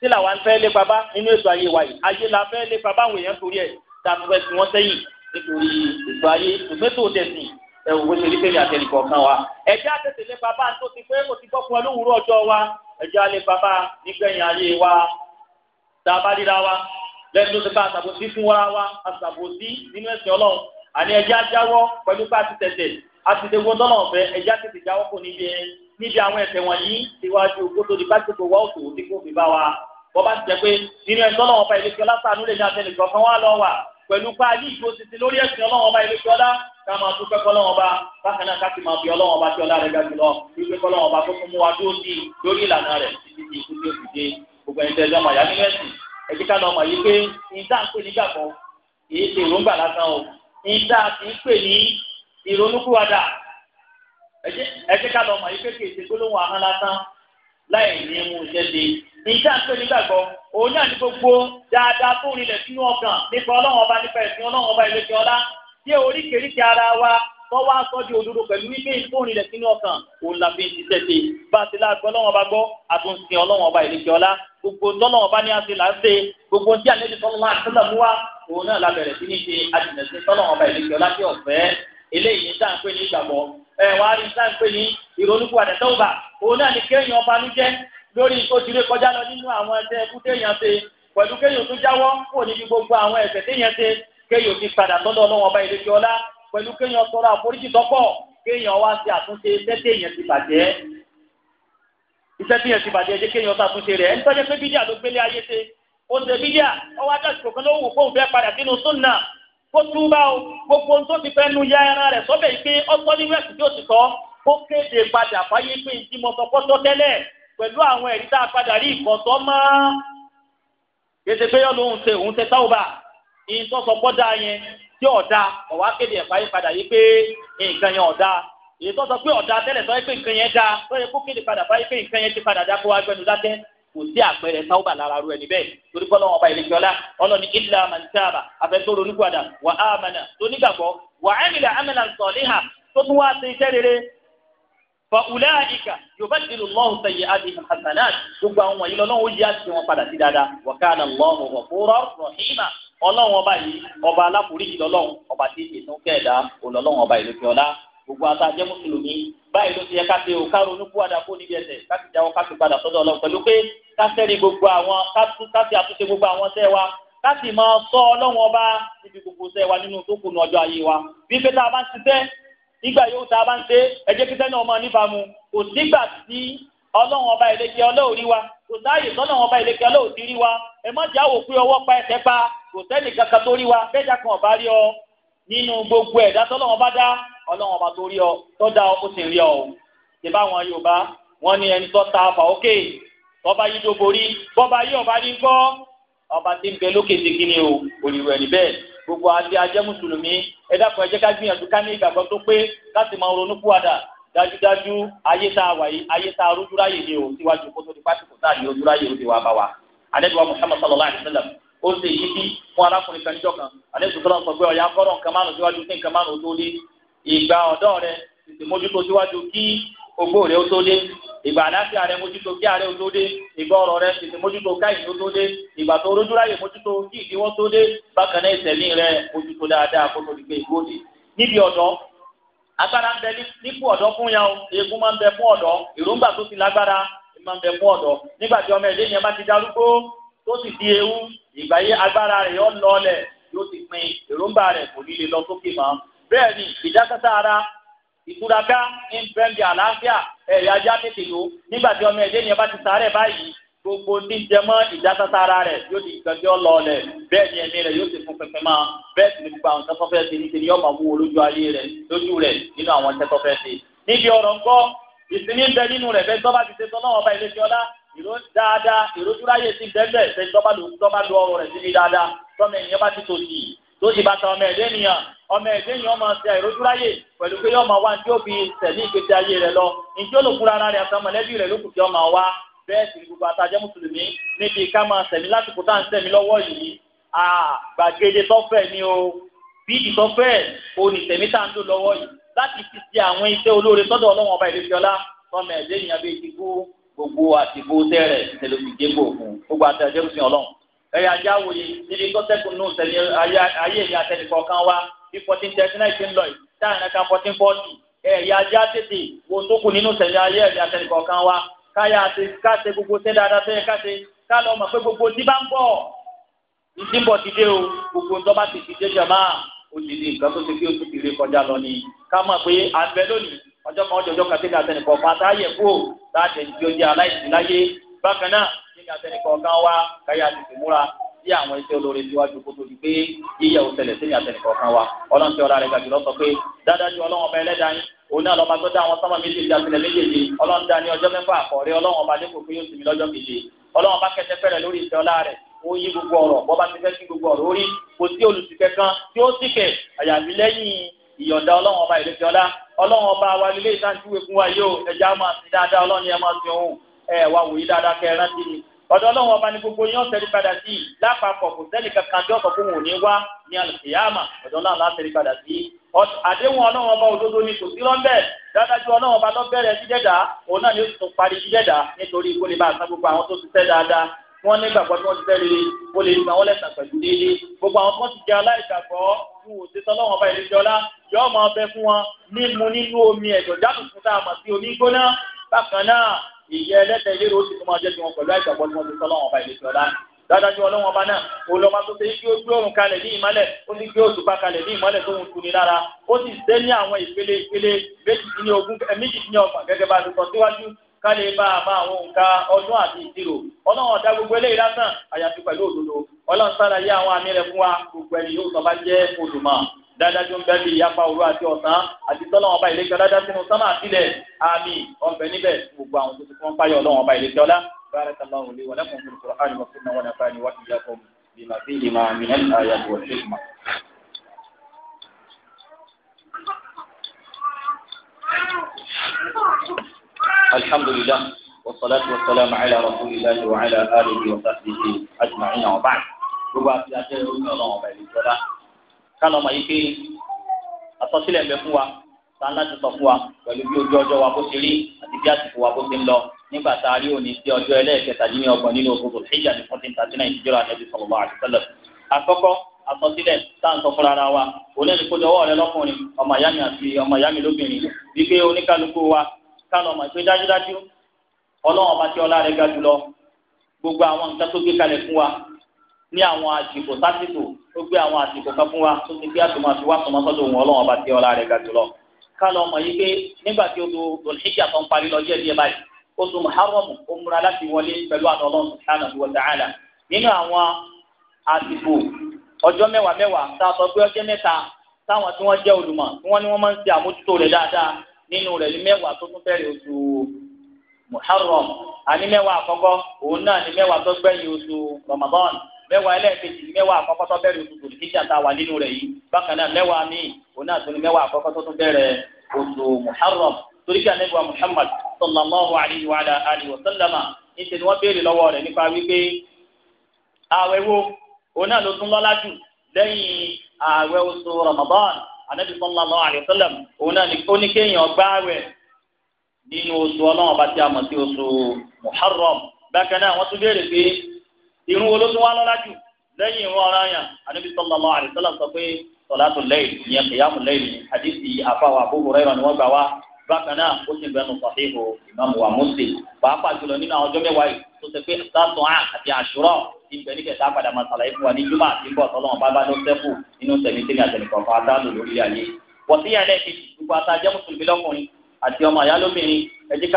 tí làwọn fẹ́ lé bàbá nínú ètò ayé wa yìí ayé la fẹ́ lé bàbá àwọn èèyàn torí ẹ̀ tàbí fẹ́ fi wọ́n sẹ́yìn nítorí ètò ayé tòmẹ́tò dẹ̀sìn ẹ̀wù wo ṣèlú fẹ́mi àtẹnìkọ̀ kan wa. ẹ̀jẹ̀ àtẹ̀tẹ̀ lé bàbá tó ti pé kò ti gbọ́ fún wa lówùúrọ̀ ọjọ́ wa ẹ̀jẹ̀ alẹ́ bàbá nígbẹ̀yìn ayé wa tá a bá ríra wa lẹ́nu tó ti ká àṣàbòsí fún wa wa àṣàbòsí nínú ẹ̀sìn ọlọ́run àní ẹ̀jẹ̀ ajáwọ́ pẹ̀lú pé a ti tẹ̀tẹ̀ a ti dégbò di pásítọ̀ wa bọ́bá ti jẹ́ pé nínú ẹ̀sọ́ lọ́wọ́ ọba ìlẹ́kẹ́ lásàánú lè ní àtẹnìkọ̀ kan wá lọ wà pẹ̀lú pa ayé ìdúró títí lórí ẹ̀sìn ọlọ́wọ́ ọba ìlẹ́kẹ́ ọlá ká máa dúpẹ́ kọ́lọ́wọ́ ọba bákan náà ká sì máa bí ọlọ́wọ́ ọba tí ọlá rẹ̀ ga jùlọ wípé kọ́lọ́wọ́ ọba tó fún wa dúró sí lórí ìlànà rẹ̀ títí di ikú tí ó fi dé gbogbo ẹni tẹ́jọ́ mọ̀ yá nínú ẹ̀sìn ẹ̀jẹ̀ ká lọ mọ̀ yí pé ìdá ń pè nígbàgbọ́ èyí ṣe èròǹgbà lásán o ìdá ti ń pè ní ìrònúkúwàdà ẹ̀jẹ̀ ká lọ mọ̀ yí pé kì í ṣe gbólóhùn ahọ́n lásán láì ní mú jẹ́de nígbà tó nígbàgbọ́ òun náà ní gbogbo dáadáa tó rinlẹ̀ sínú ọkàn nípa ọlọ́run ọba nípa ẹ̀sìn ọlọ́run ọba ìlú ti ọlá tí oríkèéríkèé ara wa tọ́wọ́ asọ́jú òdodo pẹ̀lú wípé ìfóònì rẹ̀ sínú ọkàn òun la fi ń ṣiṣẹ́ ṣe bá a ti láàgbọ́ ọlọ́wọ́n ọba gbọ́ àtúnṣe ọlọ́wọ́n ọba ìlẹ́kẹ̀ ọlá gbogbo tọ́lọ́wọ́n ọba ní àṣẹ làṣẹ gbogbo tí àlejò tọ́lọ́wọ́n àṣẹlẹ̀ mú wa òun náà la bẹ̀rẹ̀ sí ní ṣe àjìnà sí tọ́lọ́wọ́n ọba ìlẹ́kẹ̀ ọlá tí ọ̀fẹ́ eléyìí tá à ń pè ní ìgbàgbọ́ ẹ wà á rí tá à ń pè ní ìrònúkúwàdà tọ́wọ́bà òun náà ni kéèyàn banújẹ́ lórí ìkójúlé kọjá lọ nínú àwọn ẹsẹ̀ ẹkú téèyàn ṣe pẹ̀lú kéèyàn tó jáwọ́ kò níbi gbogbo àwọn ẹsẹ̀ téèyàn ṣe kéèyàn ti padà tọ́dọ̀ ọlọ́wọ́n ọba ìlẹ́jọ́ ọlá pẹ̀lú kéèyàn tọrọ àforíjì tọ́pọ̀ kéèyàn wá ṣe àtúnṣe iṣẹ́ téèyàn ti bàjẹ́ iṣẹ́ téèyàn ti bàjẹ́ jẹ́ kéèyàn ṣàtúnṣe rẹ̀ ẹni tọ́jú pé bídíà ló gbélé ayé ṣe ó ṣe bídíà ọwọ́ adáṣe kòkan ló wù fóun fẹ́ padà sínú súnà kó túbá o gbogbo ohun tó ti fẹ́ nu ya ẹran rẹ̀ sọ́bẹ̀ yìí pé ọtọ́ nínú ẹ̀sìn tí ó ti sọ kó kéde padà fáyé pé ní mo sọ pọ́tọ́ tẹ́lẹ̀ pẹ̀lú àwọn ẹ̀rí tá a padà rí ìkọ̀tọ́ mọ́ kéde pé yọ lóhùn ṣe òun ṣe táwùbà ìyìn tó sọ pọ́ dáa yẹn tí ọ̀dà ọ̀wá kéde ẹ̀ fáyé padà yìí pé nǹkan yẹn ọ̀dà èyí tó sọ pé ọ̀dà tẹ́lẹ̀ sọ pé nǹkan yẹn dáa tó yẹ kó kéde padà fáyé pé nǹkan yẹn ti padà dá kó wá gbẹnu dákẹ́ kò sí àpẹẹrẹ táwọ́bà lára ru ẹni bẹ́ẹ̀ torí kọ́ lọ́wọ́ ọba ìlẹ́jọ́ ọlá ọlọ́ni ilẹ̀ amantaba afẹ́tọ́ ronúpadà wà á amànà tó nígbàgbọ́ wà á nílẹ̀ amànà tó tún wá sí iṣẹ́ rere fa gbogbo àwọn lọ́wọ́ àti wọn padà sí dáadáa wa kana Allahu ghafura rahima ọlọ́wọ́n ọba yìí ọba aláforíjì lọ́lọ́wọ́n ọba tí ìtúnkẹ́ẹ̀dá òlọ́lọ́wọ́n ọba gbogbo ata jẹ́ mùsùlùmí báyìí ló ti yẹ ká o ká ronú kú àdá kó níbi ẹsẹ̀ ká sì jáwọ́ ká sì padà sọ́dọ̀ Ọlọ́run pẹ̀lú pé ká sẹ́ni gbogbo àwọn ká sì àtúnṣe gbogbo àwọn sẹ́ wa ká sì máa sọ Ọlọ́run ọba níbi gbogbo sẹ́ wa nínú tó kùnà ọjọ́ ayé wa bí pé tá a bá ń ṣiṣẹ́ nígbà yóò tá a bá ń ṣe ẹ jẹ́ kí sẹ́ni ọmọ níbàámu kò sígbà tí Ọlọ́run ọba ìlẹ́kẹ́ ọlọ́ọ̀rí wa kò sáàyè tọ́lọ́run ọba ìlẹ́kẹ́ ọlọ́ọ̀tì wa ẹ má jáwò pé ọwọ́ pa ẹsẹ̀ pa kò sẹ́ni kankan tó rí wa bẹ́ẹ̀ jà kan ọ̀bá rí ọ nínú gbogbo ẹ̀dá tọ́lọ́run ọba dá ọlọ́run ọba tó rí ọ tó dá ọ ó sì rí ọ o ṣe báwọn yorùbá wọn ní ẹni tó ta ọfà òkè bọba yìí tó borí bọba yìí ọba ní gbọ́ ọba tí ń bẹ lókè ti kí ni o òrìrò ẹni bẹ́ẹ̀ gbogbo àti ajẹ́ mùsùlùmí ẹ dákun ẹ jẹ́ ká gbìyànjú ká ní ìgbàgbọ́ tó pé ká máa ronú kúwàdà dájúdájú ayé tá a wà yìí ayé tá a rújú ráyè ni o síwájú kó tó di pásítọ̀ tá a ní ojú ráyè òde wa bá wa. àdẹ́gbẹ̀wá Muhammad sallallahu alayhi wa sallam ó ṣe yí bí fún arákùnrin kan níjọ́ kan àdẹ́gbẹ̀wá sọ pé ọ̀yà kọ́rọ̀ nǹkan márùn síwájú sí nǹkan márùn tó dé ìgbà ọ̀dọ́ rẹ tètè mójútó síwájú kí ogbó rẹ ó tó dé ìgbà àlàáfíà rẹ mójútó kí àárẹ̀ ó tó dé ìgbà ọ̀rọ̀ rẹ tètè mójútó káyìn ó tó dé ìgbà tó rójú láyè mójútó kí ìdíwọ́ tó dé bákan náà ìtẹ̀lé rẹ mójútó dáadáa kó tó di pé ìgbó dé níbi ọ̀dọ́ agbára ń bẹ nípò ọ̀dọ́ fún yàn o eegun máa ń bẹ fún ọ̀dọ́ èròǹgbà tó ti lágbára máa ń bẹ fún ọ̀dọ́ nígbà tí ọmọ ẹ̀dẹ́ yẹn bá ti darúgbó tó sì di ewu ìgbà yẹn agbára rẹ̀ yọ lọlẹ̀ yóò ti pin èròǹgbà rẹ̀ kò ní lè lọ sókè mọ́ bẹ́ẹ̀ ni ìdákẹ́sà ara ìtúraká ń bẹ́ẹ̀lì àlàáfíà ẹ̀yà ajá tètè lò nígbà tí ọmọ ẹ̀dẹ́ yẹn bá ti sàárẹ̀ báyìí gbogbo ní jẹmọ́ ìdákẹ́sà ara rẹ̀ yóò di ìkànnì ọlọ rẹ̀ bẹ́ẹ̀ ni ẹ̀mí rẹ̀ yóò ti fún pẹpẹ máa bẹ́ẹ̀ sì ni gbogbo àwọn tẹ́tọ́fẹ́ ti ní tèmi ọmọ wúwo lójú ayé rẹ̀ lójú rẹ̀ nínú àwọn tẹ́tọ́fẹ́ ti. níbi ọ̀rọ̀ ńkọ́ ìsinmi ń bẹ nínú rẹ̀ bẹ́ẹ̀ tọ́ba ti ṣe tọ́ náà ọba ilé ti ọlá ìró dáadáa ìró dúráyè ti bẹ́ẹ̀ bẹ́ẹ̀ tọ́ba lu ọrọ̀ rẹ̀ sí mi dáadáa tọ́mọ ènìyàn bá ti tòṣì tó sì bàtà ọmọ ẹ̀dẹ́ ènìyàn ọmọ ẹ̀dẹ́ ènìyàn ọmọ ṣe àìrójú láyè pẹ̀lú pé ọmọ wa tí ó fi tẹ̀lé ìgbésí ayé rẹ̀ lọ ìjọ lòkun rárá rẹ̀ àti mọ̀lẹ́bí rẹ̀ lókùn tí ọmọ wa bẹ́ẹ̀ sì gbogbo àtàjẹ́ mùsùlùmí níbi ká máa sẹ̀mí lásìkò tá à ń sẹ̀mí lọ́wọ́ yìí àgbàgede tọ́fẹ̀ ni o bí ìtọ́fẹ́ onìtẹ̀mí tá à ń lò lọ́wọ́ yìí láti fi ti àwọn iṣẹ́ olóore sọ́dọ̀ ọlọ́wọ́n ọba ìlú fiọlá tọ́mọ ẹ̀dẹ́ ènìyàn bíi ti kú gbogbo àtìkú tẹ́rẹ̀ tẹlifíjẹ́ gbòògùn gbogbo àtàjẹ́ mùsùlùmí ọlọ́run ẹ̀yà ajáwò yìí níbi tó sẹ́kùn nù tẹ̀lé ayé ìyá tẹ̀lé kọ̀ọ̀kan wa bí fourteen thirty nine ti ń lọ yìí táyà kan fourteen forty ẹ̀yà ajá tètè wo tó kù nínú tẹ̀lé ayé ìyá tẹ̀lé kọ̀ọ̀kan wa káyà àti káṣe gbogbo tẹ́ dáadáa tẹ́ káṣe ká lọ mọ̀ pé gbogbo tí bá ń bọ̀ ìdí ń bọ̀ ti dé o gbogbo tó bá ti ti dé jọ máa o ti di nǹkan tó ti fi oṣù tìrẹ kọjá lọ ni ká mọ̀ pé àgbẹ̀ lónìí ọjọ́ kan ọjọ́ kan tẹ́lẹ̀ àtẹnìkọ̀ọ̀kan táyẹ̀ kú o láti ẹni bákan náà nígbà tẹ́lẹ̀ kọ̀ọ̀kan wá káyà ti fi múra sí àwọn iṣẹ́ olóore síwájú kó tó di pé yíyẹ òṣèlè sí ìyàtẹ̀ nìkọ̀ọ̀kan wa ọlọ́run tí ọ̀la rẹ̀ gàdúrà sọ pé dáadáa ju ọlọ́run ọba ẹlẹ́dàá yín òun náà lọ́ba tó dá àwọn sọ́mọ méjèèjì àtìlẹ̀ méjèèjì ọlọ́run dá ní ọjọ́ mẹ́fà àkọ́rẹ́ ọlọ́run ọba dẹ́kun pé yóò sinmi lọ́jọ́ méje ọlọ́run ọba kẹtẹ fẹ́rẹ̀ lórí ìṣẹ́ ọlá rẹ̀ ó yí gbogbo ọ̀rọ̀ bọ́ba ti fẹ́ sí gbogbo ọ̀rọ̀ orí kò sí olùsìkẹ́ kan tí ó sìkẹ̀ àyàfi lẹ́yìn ìyọ̀ǹda ọlọ́run ọba ìrẹsì ọlá ọlọ́run ọba wa lílé ìtàjúwe fún wa yóò ẹja máa sin dáadáa ọlọ́run yẹn máa sin òun ẹ wá wòye dáadáa kẹ rántí mi ọ̀dọ̀ ọlọ́run ọba ni gbogbo yín ọ̀sẹ̀ rí padà sí i lápapọ̀ kò sẹ́ni kankan tí ọ̀sọ̀ fún òun ní wá ní alùpùpù ọ̀dọ̀ náà láti rí padà sí i àdéhùn ọlọ́run ọba òdodo ni kò sí lọ́bẹ̀ dáadájú ọlọ́run ọba lọ bẹ̀rẹ̀ òun náà ni ó tún parí jíjẹ́dá nítorí kó lè bá àṣà gbogbo àwọn tó ti tẹ́ dáadáa wọn nígbàgbọ́ tí wọ́n ti tẹ́lẹ̀ ó lè gbà wọ́n lẹ́sàn pẹ̀lú déédéé gbogbo àwọn tó ti jẹ́ aláìgbàgbọ́ fún òṣìṣẹ́ ọlọ́run ọba ìrẹsìọlá yóò máa bẹ fún wọn mímu nínú omi ẹ̀dọ̀ jáde fún tá a omi gbóná bákan náà ìyẹ́ ẹlẹ́tẹ̀ yẹ́rọ ó sì tún máa jẹ́ tiwọn pẹ̀lú àìsàgbọ́ tí wọ́n ti sọ́lọ́ ọba ìlẹ́sìn ọ̀la dáadájú ọlọ́wọ́n ọba náà olùwọ́n tó ṣe kí ó gbé òrùn kalẹ̀ ní ìmọ́lẹ̀ ó ní gbé òṣùpá kalẹ̀ ní ìmọ́lẹ̀ tó ń tuni lára ó sì ṣe ní àwọn ìpele ìpele méjìdínlọ́gbọ̀n gẹ́gẹ́ bá a ti sọ síwájú ká lè bá a bá àwọn nǹkan ọdún àti ìṣirò ọlọ́run ọ̀dá gbogbo eléyìí lásán àyàfi pẹ̀lú òdodo ọlọ́run sálàyé àwọn àmì rẹ̀ fún wa gbogbo ẹni yóò sọ bá jẹ́ olùmọ̀ dájájú ń bẹ́ẹ̀ bí ìyapa òru àti ọ̀sán àti tọ́lá ọba ìlẹ́kẹ́ ọlá sínú sánmà àtìlẹ̀ àmì ọ̀bẹ níbẹ̀ gbogbo àwọn tó ti fún fáyọ̀ ọlọ́wọ́n ọba ìlẹ́kẹ́ ọlá بارك الله لي ولكم في القرآن والسنة ونفعني وإياكم بما فيهما من الآيات والحكمة الحمد لله والصلاة والسلام على رسول الله وعلى آله وصحبه أجمعين وبعد gbogbo àti àti ẹrú ní ọlọ́run ọba ìjọba kálọ̀ ọmọ yìí pé àsọsílẹ̀ ń bẹ fún wa sáà láti sọ fún wa pẹ̀lú bí ojú ọjọ́ wa bó ṣe rí àti bí àsìkò wa bó ṣe ń lọ nígbà tá a rí òní sí ọjọ́ ẹlẹ́ẹ̀kẹtàdínní ọgbọ̀n nínú oṣù tòlẹ́jà ní fourteen thirty nine ìjọba àti sallallahu alaihi wasallam. àkọ́kọ́ àsọsílẹ̀ tá à ń sọ fúnra ara wa òun ẹni kójú ọwọ́ rẹ lọ́kùnrin ọmọ ìyá mi àti ọmọ ìyá mi lóbìnrin wípé oníkálukú wa kálọ̀ mọ̀ pé dájúdájú ọlọ́run ọba tí ọlá rẹ̀ ga jùlọ gbogbo àwọn nǹkan tó gbé kalẹ̀ fún wa ní àwọn àsìkò sásìkò ó gbé àwọn àsìkò kan fún wa tó ti gbé àtúmọ̀ àti wá sọmọsọdọ̀ òun ọlọ́wọ́n bá ti ọlá rẹ̀ ga jùlọ. ká lọ mọ̀ yí pé nígbà tí odò olùsíjà tó ń parí lọ díẹ̀ díẹ̀ báyìí oṣù muharram ó múra láti wọlé pẹ̀lú àti ọlọ́run subhanahu wa ta'ala nínú àwọn àsìkò ọjọ́ mẹ́wàá mẹ́wàá tá a sọ pé ọjọ́ mẹ́ta táwọn tí wọ́n jẹ́ olùmọ̀ tí wọ́n ní wọ́n máa ń ṣe àmójútó rẹ̀ dáadáa nínú rẹ̀ ní mẹ́wàá tó tún fẹ́rẹ̀ oṣù muharram àní mẹ́wàá àkọ́kọ́ òun náà ní mẹ́wàá tó gbẹ̀yìn oṣù ramadan mẹ́wàá ẹlẹ́ẹ̀kejì ni mẹ́wàá àkọ́kọ́ tó bẹ̀rẹ̀ oṣù tòlùkíjà tá a wà nínú rẹ̀ yìí bákan náà mẹ́wàá míì òun náà tó ní mẹ́wàá àkọ́kọ́ tó tún bẹ̀rẹ̀ oṣù muharram torí kí anagba muhammad sallallahu alayhi wa alihi wa sallama níṣẹ́ ni wọ́n béèrè lọ́wọ́ rẹ̀ nípa wípé ààwẹ̀ wo òun náà ló tún lọ́lá jù lẹ́yìn ààwẹ̀ oṣù ramadan anabi sallallahu alayhi wa sallam òun náà ó ní kéèyàn gbáwẹ̀ nínú oṣù ọlọ́run ọba tí a sí oṣù muharram bákan náà wọ́n tún béèrè pé irun wo ló tún wá lọ́lá jù lẹ́yìn ìwọ̀n ọ̀rọ̀ àyàn ànábi sallallahu alaihi wasallam sọ pé salatul layl ìyẹn qiyamu layl hadithi àfàwà Abu Hurairah ni wọ́n gbà wá bákan náà ó sì gbẹnu sahihu ìmáàmù wa Muslim pàápàá jùlọ nínú àwọn ọjọ́ mẹ́wàá yìí tó ṣe pé sátọ̀ àn àti àṣùrọ̀ ìgbẹ́ ní kẹta padà máa ṣàlàyé fún wa ní júmọ̀ àti bọ̀ tọ́lọ́wọ́n bá bá ló sẹ́kù nínú tẹ̀mí tẹ̀mí àtẹnìkan fún adáàlú lórí ayé wọ̀síyà lẹ́ẹ̀kejì gbogbo àtàjẹ́ mùsùlùmí lọ́kùnrin àti ọmọ àyá lóbìnrin ẹ̀jẹ̀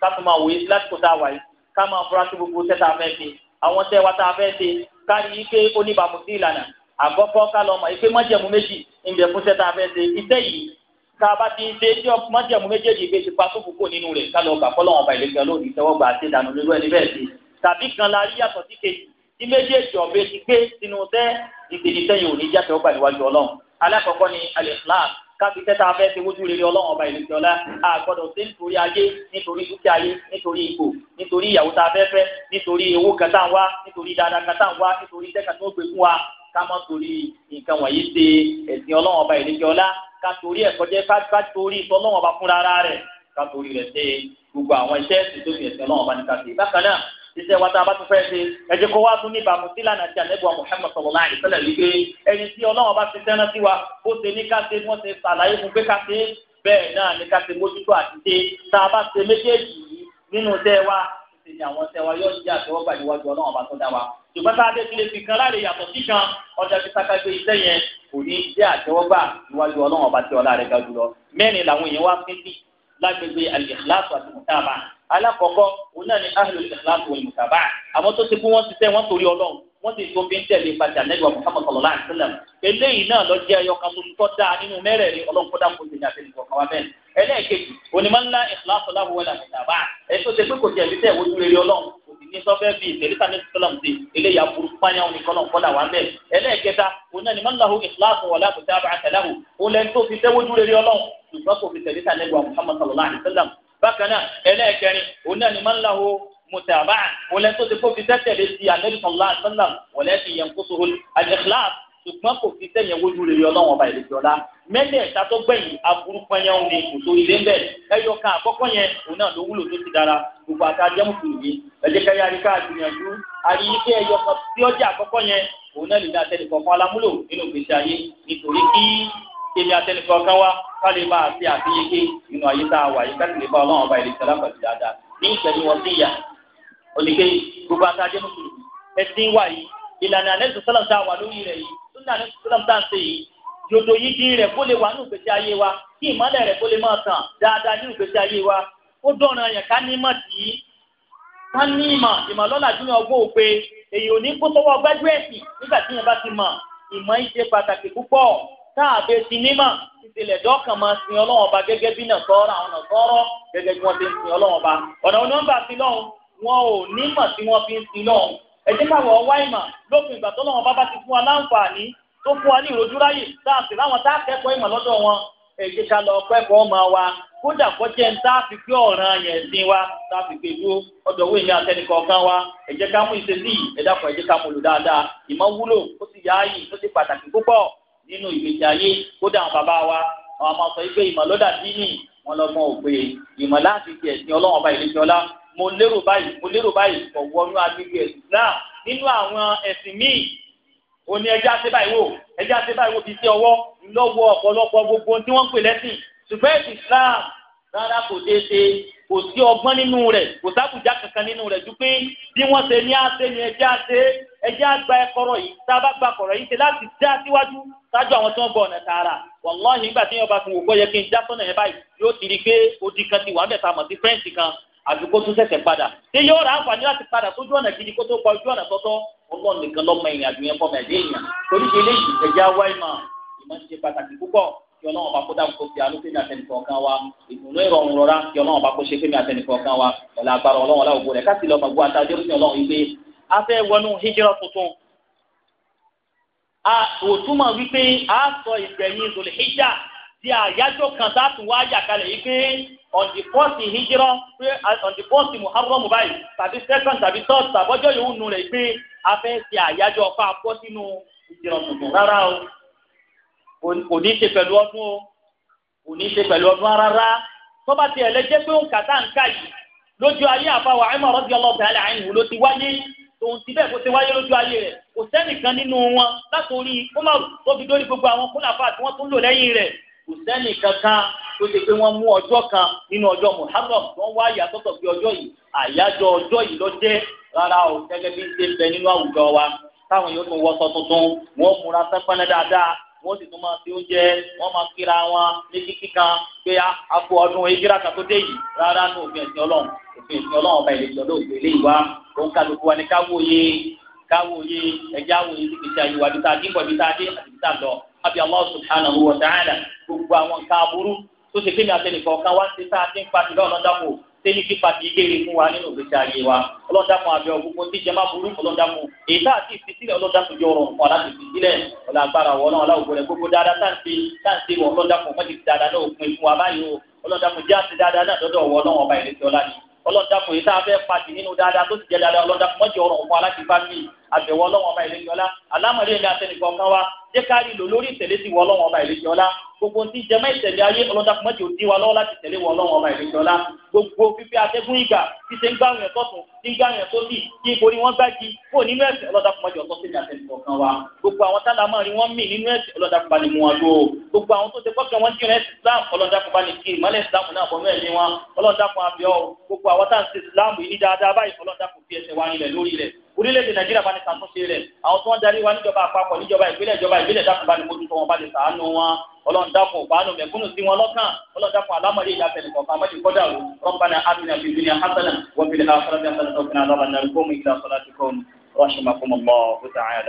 ká lọ ká máa fura sí gbogbo iṣẹ́ tá a fẹ́ ṣe àwọn iṣẹ́ wa tá a fẹ́ ṣe kárí ike oníbàmù sí ìlànà àkọ́kọ́ ká lọ mọ̀ ike májẹ̀mú méjì ń bẹ fún iṣẹ́ tá a fẹ́ ṣe iṣẹ́ yìí tá a bá ti ṣe tí májẹ̀mú méjèèjì ìgbé ti pa tó kúkú nínú rẹ̀ ká lọ gbà fọlọ́wọn ọba ìlẹ́gbẹ̀ẹ́ lónìí tẹ́wọ́ gbà ṣe dànù lórí ẹni bẹ́ẹ̀ ṣe tàbí kan la rí yàtọ̀ sí kejì tí méjèèjì ọ̀bẹ ti gbé sínú tẹ́ ìpèdè sẹ́yìn òní jáde ọgbà níwájú ọlọ́run alákọ̀ọ́kọ́ ni al-ikhlas káfí tẹ́tà fẹ́ ṣe wójú rere ọlọ́run ọba ìlú ìjọlá àgbọ̀dọ̀ sí nítorí ayé nítorí dúkìá ayé nítorí ipò nítorí ìyàwó tá a fẹ́ fẹ́ nítorí owó kan tá à ń wá nítorí dáadáa kan tá à ń wá nítorí tẹ́ka tó gbé fún wa ká mọ́ torí nǹkan wọ̀nyí ṣe ẹ̀sìn ọlọ́run ọba ìlú ìjọlá ká torí ẹ̀kọ́ jẹ́ ká torí ìtọ́lọ́run ọba fúnra rẹ̀ ká torí rẹ̀ ṣe gbogbo àwọn iṣẹ́ ìtòsí ẹ̀sìn ọlọ́run ọba ní iṣẹ́ wa tá a bá tún fẹ́ ṣe ẹ̀jẹ̀ kó wá tún ní ìbámu sí lánàá tí àlẹ́ bọ̀ Muhammad sallallahu alaihi wasallam wípé ẹni tí Ọlọ́run bá ti tẹ́ná sí wa bó ṣe ní ká ṣe wọ́n ṣe ṣàlàyé fún pé ká ṣe bẹ́ẹ̀ náà ní ká ṣe mójútó àti ṣe tá a bá ṣe méjèèjì yìí nínú tẹ́ wa ṣe ni àwọn tẹ́ wa yóò jẹ́ àtẹ́wọ́gbà níwájú Ọlọ́run bá tó dá wa ṣùgbọ́n tá a dé tilé fi kan láre yàtọ̀ sí kan ọjà fi sakagbe iṣẹ́ yẹn kò ní jẹ́ àtẹ́wọ́gbà níwájú Ọlọ́run bá tí ọlá rẹ̀ ga jùlọ mẹ́rin làwọn èèyàn wá pín sí lágbègbè al-ikhlas àti mutaba alákọ̀ọ́kọ́ òun náà ni ahlul islam wal mutaba'a àwọn tó ti kú wọ́n ti tẹ́ wọ́n torí ọlọ́run wọ́n ti tó fi ń tẹ̀lé ìpàdé anẹ́gbà muhammad sallallahu alayhi wa sallam eléyìí náà lọ jẹ́ ẹyọkan tó tọ́ dáa nínú mẹ́rẹ̀ẹ̀rin ọlọ́run kó dáko ṣe ní abẹ́lẹ̀ kọ̀ọ̀kan wa bẹ́ẹ̀ ẹlẹ́ẹ̀kejì onímọ̀nlá ikhlasu lahu wal mutaba'a ẹ̀ tó ṣe pé kò tiẹ̀ fi tẹ̀ wojú rere ọlọ́run kò sì ní sọ́fẹ́ bíi ìṣèlítà ní sọ́lọ́m ṣe eléyà burú pányáwó ní kọ́lọ́n kọ́lá wa bẹ́ẹ̀ ẹlẹ́ẹ̀kẹta onímọ̀nláhu ikhlasu wala mutaba'ata lahu òun lẹ́ni tó fi tẹ́wójú rere ọlọ́run ṣùgbọ́n kò fi tẹ̀lítà lẹ́gbàá muhammad sallallahu alayhi wa sallam bákan náà ẹlẹ́ẹ̀kẹrin òun náà ni máa ń la ho mùtàbà òun lẹ́tọ́ ti kó fi tẹ́tẹ̀lé ti ànábì sallallahu alaihi wasallam wọ̀lẹ́ ti yẹn kó sòrò al-ikhlas ṣùgbọ́n kò fi sẹ́yìn wojú rẹ̀ yọ lọ́wọ́ ọba ìlẹ́jọ́ la mẹ́lẹ̀ẹ́ta tó gbẹ̀yìn aburú pẹ́yẹ́wò ni kò ilé ń ẹyọ kan àkọ́kọ́ yẹn òun náà ló wúlò tó ti dára gbogbo àtàjẹ́ mùsùlùmí ẹ̀jẹ̀ kẹ́yà àríkà gbìyànjú àríyíké ẹyọ kan tí ọjà àkọ́kọ́ yẹn òun náà lè dá tẹ́lẹ̀ kọ̀ọ̀kan alámúlò nínú ìgbésí ayé nítorí kí èmi àtẹnìkọ̀ kan wá ká lè bá a ṣe àfiyege nínú ayé tá a wà yìí ká sì lè bá ọlọ́run ọba ìlẹ̀kẹ́ lápàtì dáadáa ní ìṣẹ́jú wọn sí ìyá oníke gbogbo àtàjẹ́ mùsùlùmí ẹ̀sìn wà yìí ìlànà àlẹ́sùn sọ́lá tá wà lórí rẹ̀ yìí sunna àlẹ́sùn sọ́lá tá a ṣe yìí yòdò yìí di rẹ̀ kó lè wà ní ìgbésí ayé wa kí ìmọ̀lẹ̀ rẹ̀ kó lè máa tàn dáadáa ní ìgbésí ayé wa ó dọ̀ràn yẹn ká ní mọ̀ tì í ká ní ìmọ̀ ìmọ̀lọ́lá jùlọ ọgbọ́n òpe èyí ò ní kó tọwọ́ gbájú ẹ̀sìn nígbà tí yẹn bá ti mọ̀ ìmọ̀ yìí ṣe pàtàkì púpọ̀ táàbẹ ti mímọ̀ ìṣẹ̀lẹ̀ dọ́kàn máa sin ọlọ́run ọba gẹ́gẹ́ bí nàtọ́rọ̀ àwọn nàtọ́rọ̀ gẹ́gẹ́ bí wọ́n ti ń sin ọlọ́run ọba ọ̀nà onímọ̀ sí lọ́hùn wọn ò nímọ̀ tí wọ́n fi ń sin lọ́hùn ẹ̀jẹ̀ káwọ̀ ọwá ìmọ̀ lópin ìgbà tọ́lọ́run ọba bá ti fún wa láǹfààní tó fún wa ní ìrojú ráyè táàsì láwọn tá a kẹ́kọ̀ọ́ ìmọ̀ lọ́dọ̀ wọn èyí ká lọ kẹ́kọ̀ọ́ máa wa kódà kọjá ń tá a fi gbé ọ̀ràn yẹn sí wa tá a fi gbé dúró ọ̀dọ̀ owó ìyá àtẹnìkọ̀ọ̀kan wa ẹ ká mú ìṣesí ẹ dákun ẹ ká mú lò dáadáa ìmọ̀ wúlò ó sì yááyì ó sì pàtàkì púpọ̀ nínú ìgbésí ayé kódà àwọn bàbá wa àwọn ọmọ sọ pé ìmọ̀ lọ́dà dínì wọn lọ́mọ òpè ìmọ̀ láti ti ẹ̀sìn ọlọ́wọ́n ọba ìlẹ́sìn ọlá mo lérò báyìí mo lérò báyìí kò wọnú agbègbè ẹ̀sìn náà nínú àwọn ẹ̀sìn míì ó ní ẹjẹ́ àṣebáyìí wò ẹjẹ́ àṣebáyìí wò fi sí ọwọ́ lọ́wọ́ ọ̀pọ̀lọpọ̀ gbogbo tí wọ́n ń pè lẹ́sìn ṣùgbọ́n ẹ̀sìn Islam rárá kò dé ṣe kò sí ọgbọ́n nínú rẹ̀ kò sákùjá kankan nínú rẹ̀ ju bí wọ́n ṣe ní àṣẹ ni ẹjẹ́ àṣe ẹjẹ́ àgbà ẹ̀kọ́rọ̀ yìí tá a bá gba kọ̀rọ̀ yìí ṣe láti dá síwájú ṣáájú àwọn tí wọ́n gbọ́ ọ̀nà tààrà wàláhì nígbà tí yóò bá tún wò kó yẹ kí n já sọ́nà yẹn báyìí yóò ti rí i pé odi kan ti wà ń bẹ̀ tá a mọ̀ sí fẹ́ǹsì kan àdúgbò tún ṣẹ̀ṣẹ̀ padà ṣé yóò rà àǹfààní láti padà sójú ọ̀nà gidi kó tó kọ ojú ọ̀nà tọ́tọ́ ọlọ́run nìkan lọ́mọ ìrìn àjò yẹn fọmọ ẹ̀dẹ́ èèyàn torí ṣe eléyìí ẹ̀jẹ̀ awá ìmọ̀ ìmọ̀ ṣe pàtàkì púpọ̀ kí ọlọ́run ọba kó dáhùn kó fi àánú fẹ́mi àtẹnìkọ̀ kan wa ìdùnnú ìrọ̀rùn rọra kí ọlọ́run ọba kó ṣe fẹ́mi àtẹnìkọ̀ kan wa ọ̀là agbára ọlọ́run ọlá ògbó rẹ̀ káàsì lọ́mọ gbó ata ọjọ́ fún ọlọ́run yìí pé a fẹ́ wọnú hijira tuntun a ò túmọ̀ wípé a sọ ìgbẹ̀yìn zòlè hijira di àyájọ́ kan tá a tún wá yà kalẹ̀ yìí pé on the first hijira pé on the first muharram báyìí tàbí second tàbí third tàbọ́jọ́ yòówù nù rẹ̀ pé a fẹ́ ṣe àyájọ́ ọ̀pá àpọ́ sínú hijira tuntun rárá o kò ní ṣe pẹ̀lú ọdún o kò ní ṣe pẹ̀lú ọdún rárá tó bá tiẹ̀ lẹ jẹ́ pé òǹkà tá à ń ká yìí lójú ayé àbáwá Umar radiyallahu ta'ala anhu ló ti wáyé tòun ti bẹ́ẹ̀ kó ṣe wáyé lójú ayé rẹ̀ kò sẹ́nìkan nínú wọn látòrí Umaru tó fi dórí gbogbo àwọn kúlàfà tí wọ́n tún lò lẹ́yìn rẹ̀ kò sẹ́nìkan kan tó ṣe pé wọ́n mú ọjọ́ kan nínú ọjọ́ Muharram tí wọ́n wá yàtọ̀tọ̀ pé ọjọ́ yìí àyájọ́ ọjọ́ yìí ló jẹ́ rárá o gẹ́gẹ́ bí ṣe ń bẹ nínú àwùjọ wa táwọn yóò tún wọṣọ tuntun wọ́n múra sẹ́pẹ́lẹ́ dáadáa wọ́n sì tún máa fi oúnjẹ wọ́n máa kíra wọn ní kíkí kan pé àpò ọdún ìjírà kan tó dé yìí rárá ní òfin ẹ̀sìn ọlọ́run òfin ẹ̀sìn ọlọ́run ọba ìlẹ̀jọ́ lóògbé lè wá òun kálukú wa ni káwòye káwòye ẹ̀jẹ̀ àwòye ti fi ṣe àyè wa bíta dé bọ̀bí ta dé àti bíta àbí Allah subhanahu wa ta'ala gbogbo àwọn nǹkan aburú tó ṣe kéde àtẹnìkọ̀ kan wá ṣe tá a ti ń pati lọ́nà dáko tẹ́lí kí pati ìbéèrè fún wa nínú ìgbésí ayé wa ọlọ́dàkùn abẹ́ ọ̀gbọ́n tí jẹ́ máa burú ọlọ́dàkùn èyí tá a ti fi sílẹ̀ ọlọ́dàkùn jọ ọ̀rọ̀ nǹkan láti fi sílẹ̀ ọ̀làgbára wọn náà ọlọ́wọ́ rẹ̀ gbogbo dáadáa tá à ń tá à ń ṣe wọ mọ́tì dáadáa náà òpin fún wa báyìí o ọlọ́dàkùn jẹ́ àti dáadáa náà dọ́dọ̀ wọ ọlọ́dàkùn yìí tá a fẹ́ pàtì nínú dáadáa tó ti jẹ́ dáadáa ọlọ́dàkùn mọ́jọ ọ̀rọ̀ fún aláṣẹ fámìlì àbẹ̀wò ọlọ́wọ́n ọba ìlẹ́jọ́ ọlá alámọ̀lé ilé atẹnìkan kan wa jẹ́ ká rí lò lórí ìtẹ̀lé sí wọ ọlọ́wọ́n ọba ìlẹ́jọ́ ọlá gbogbo ti jẹmọ́ ìtẹ̀lé ayé ọlọ́dàkùnmọ́jì ò dí wa lọ́wọ́ láti tẹ̀lé wọ ọlọ́wọ́n ọba ìlẹ́jọ́ ọlá gbogbo fífi atẹ́gùn ìgbà tí ṣe ń gbá òyìn tọ́tún tí ń gbá òyìn tó sì kí ipò ni wọ́n gbá jí kó nínú ẹ̀sìn ọlọ́dàkùnmọ́jì ọ̀tọ́ sí ní àtẹnìkan kan wa gbogbo àwọn tá lámọ́ rí wọ́n mì nínú ẹ̀sìn ọlọ́dàkùnmọ́ ni wọn lò gbogbo àwọn tó ṣe pọ́kẹ́ wọn Islam ọlọ́dàkùnmọ́ ni kí ìmọ̀lẹ̀ Islam náà bọ́ mẹ́rin wọn ọlọ́dàkùn àbíọ́ gbogbo àwọn Islam yìí ní dáadáa báyìí ọlọ́dàkùn fi ẹsẹ̀ wa rinlẹ̀ lórí orílẹ̀-èdè nàìjíríà bá ní ṣàtúnṣe rẹ̀ àwọn tó ń darí wa níjọba àpapọ̀ níjọba ìpínlẹ̀ ìjọba ìbílẹ̀ dákun bá ní mójútó wọn bá lè ṣàánú wọn ọlọ́run dákun bàánù mẹ̀kúnnù sí wọn lọ́kàn ọlọ́run dákun alámọ̀lẹ́ ìyàfẹ̀lẹ̀ kọ̀ọ̀kan mọ́tì kọ́dà o rọ́bànà amina bìbìnrin hasana wọ́n fi lè ha sọ́lá bí hasana tó fi náà lọ́ba náà kó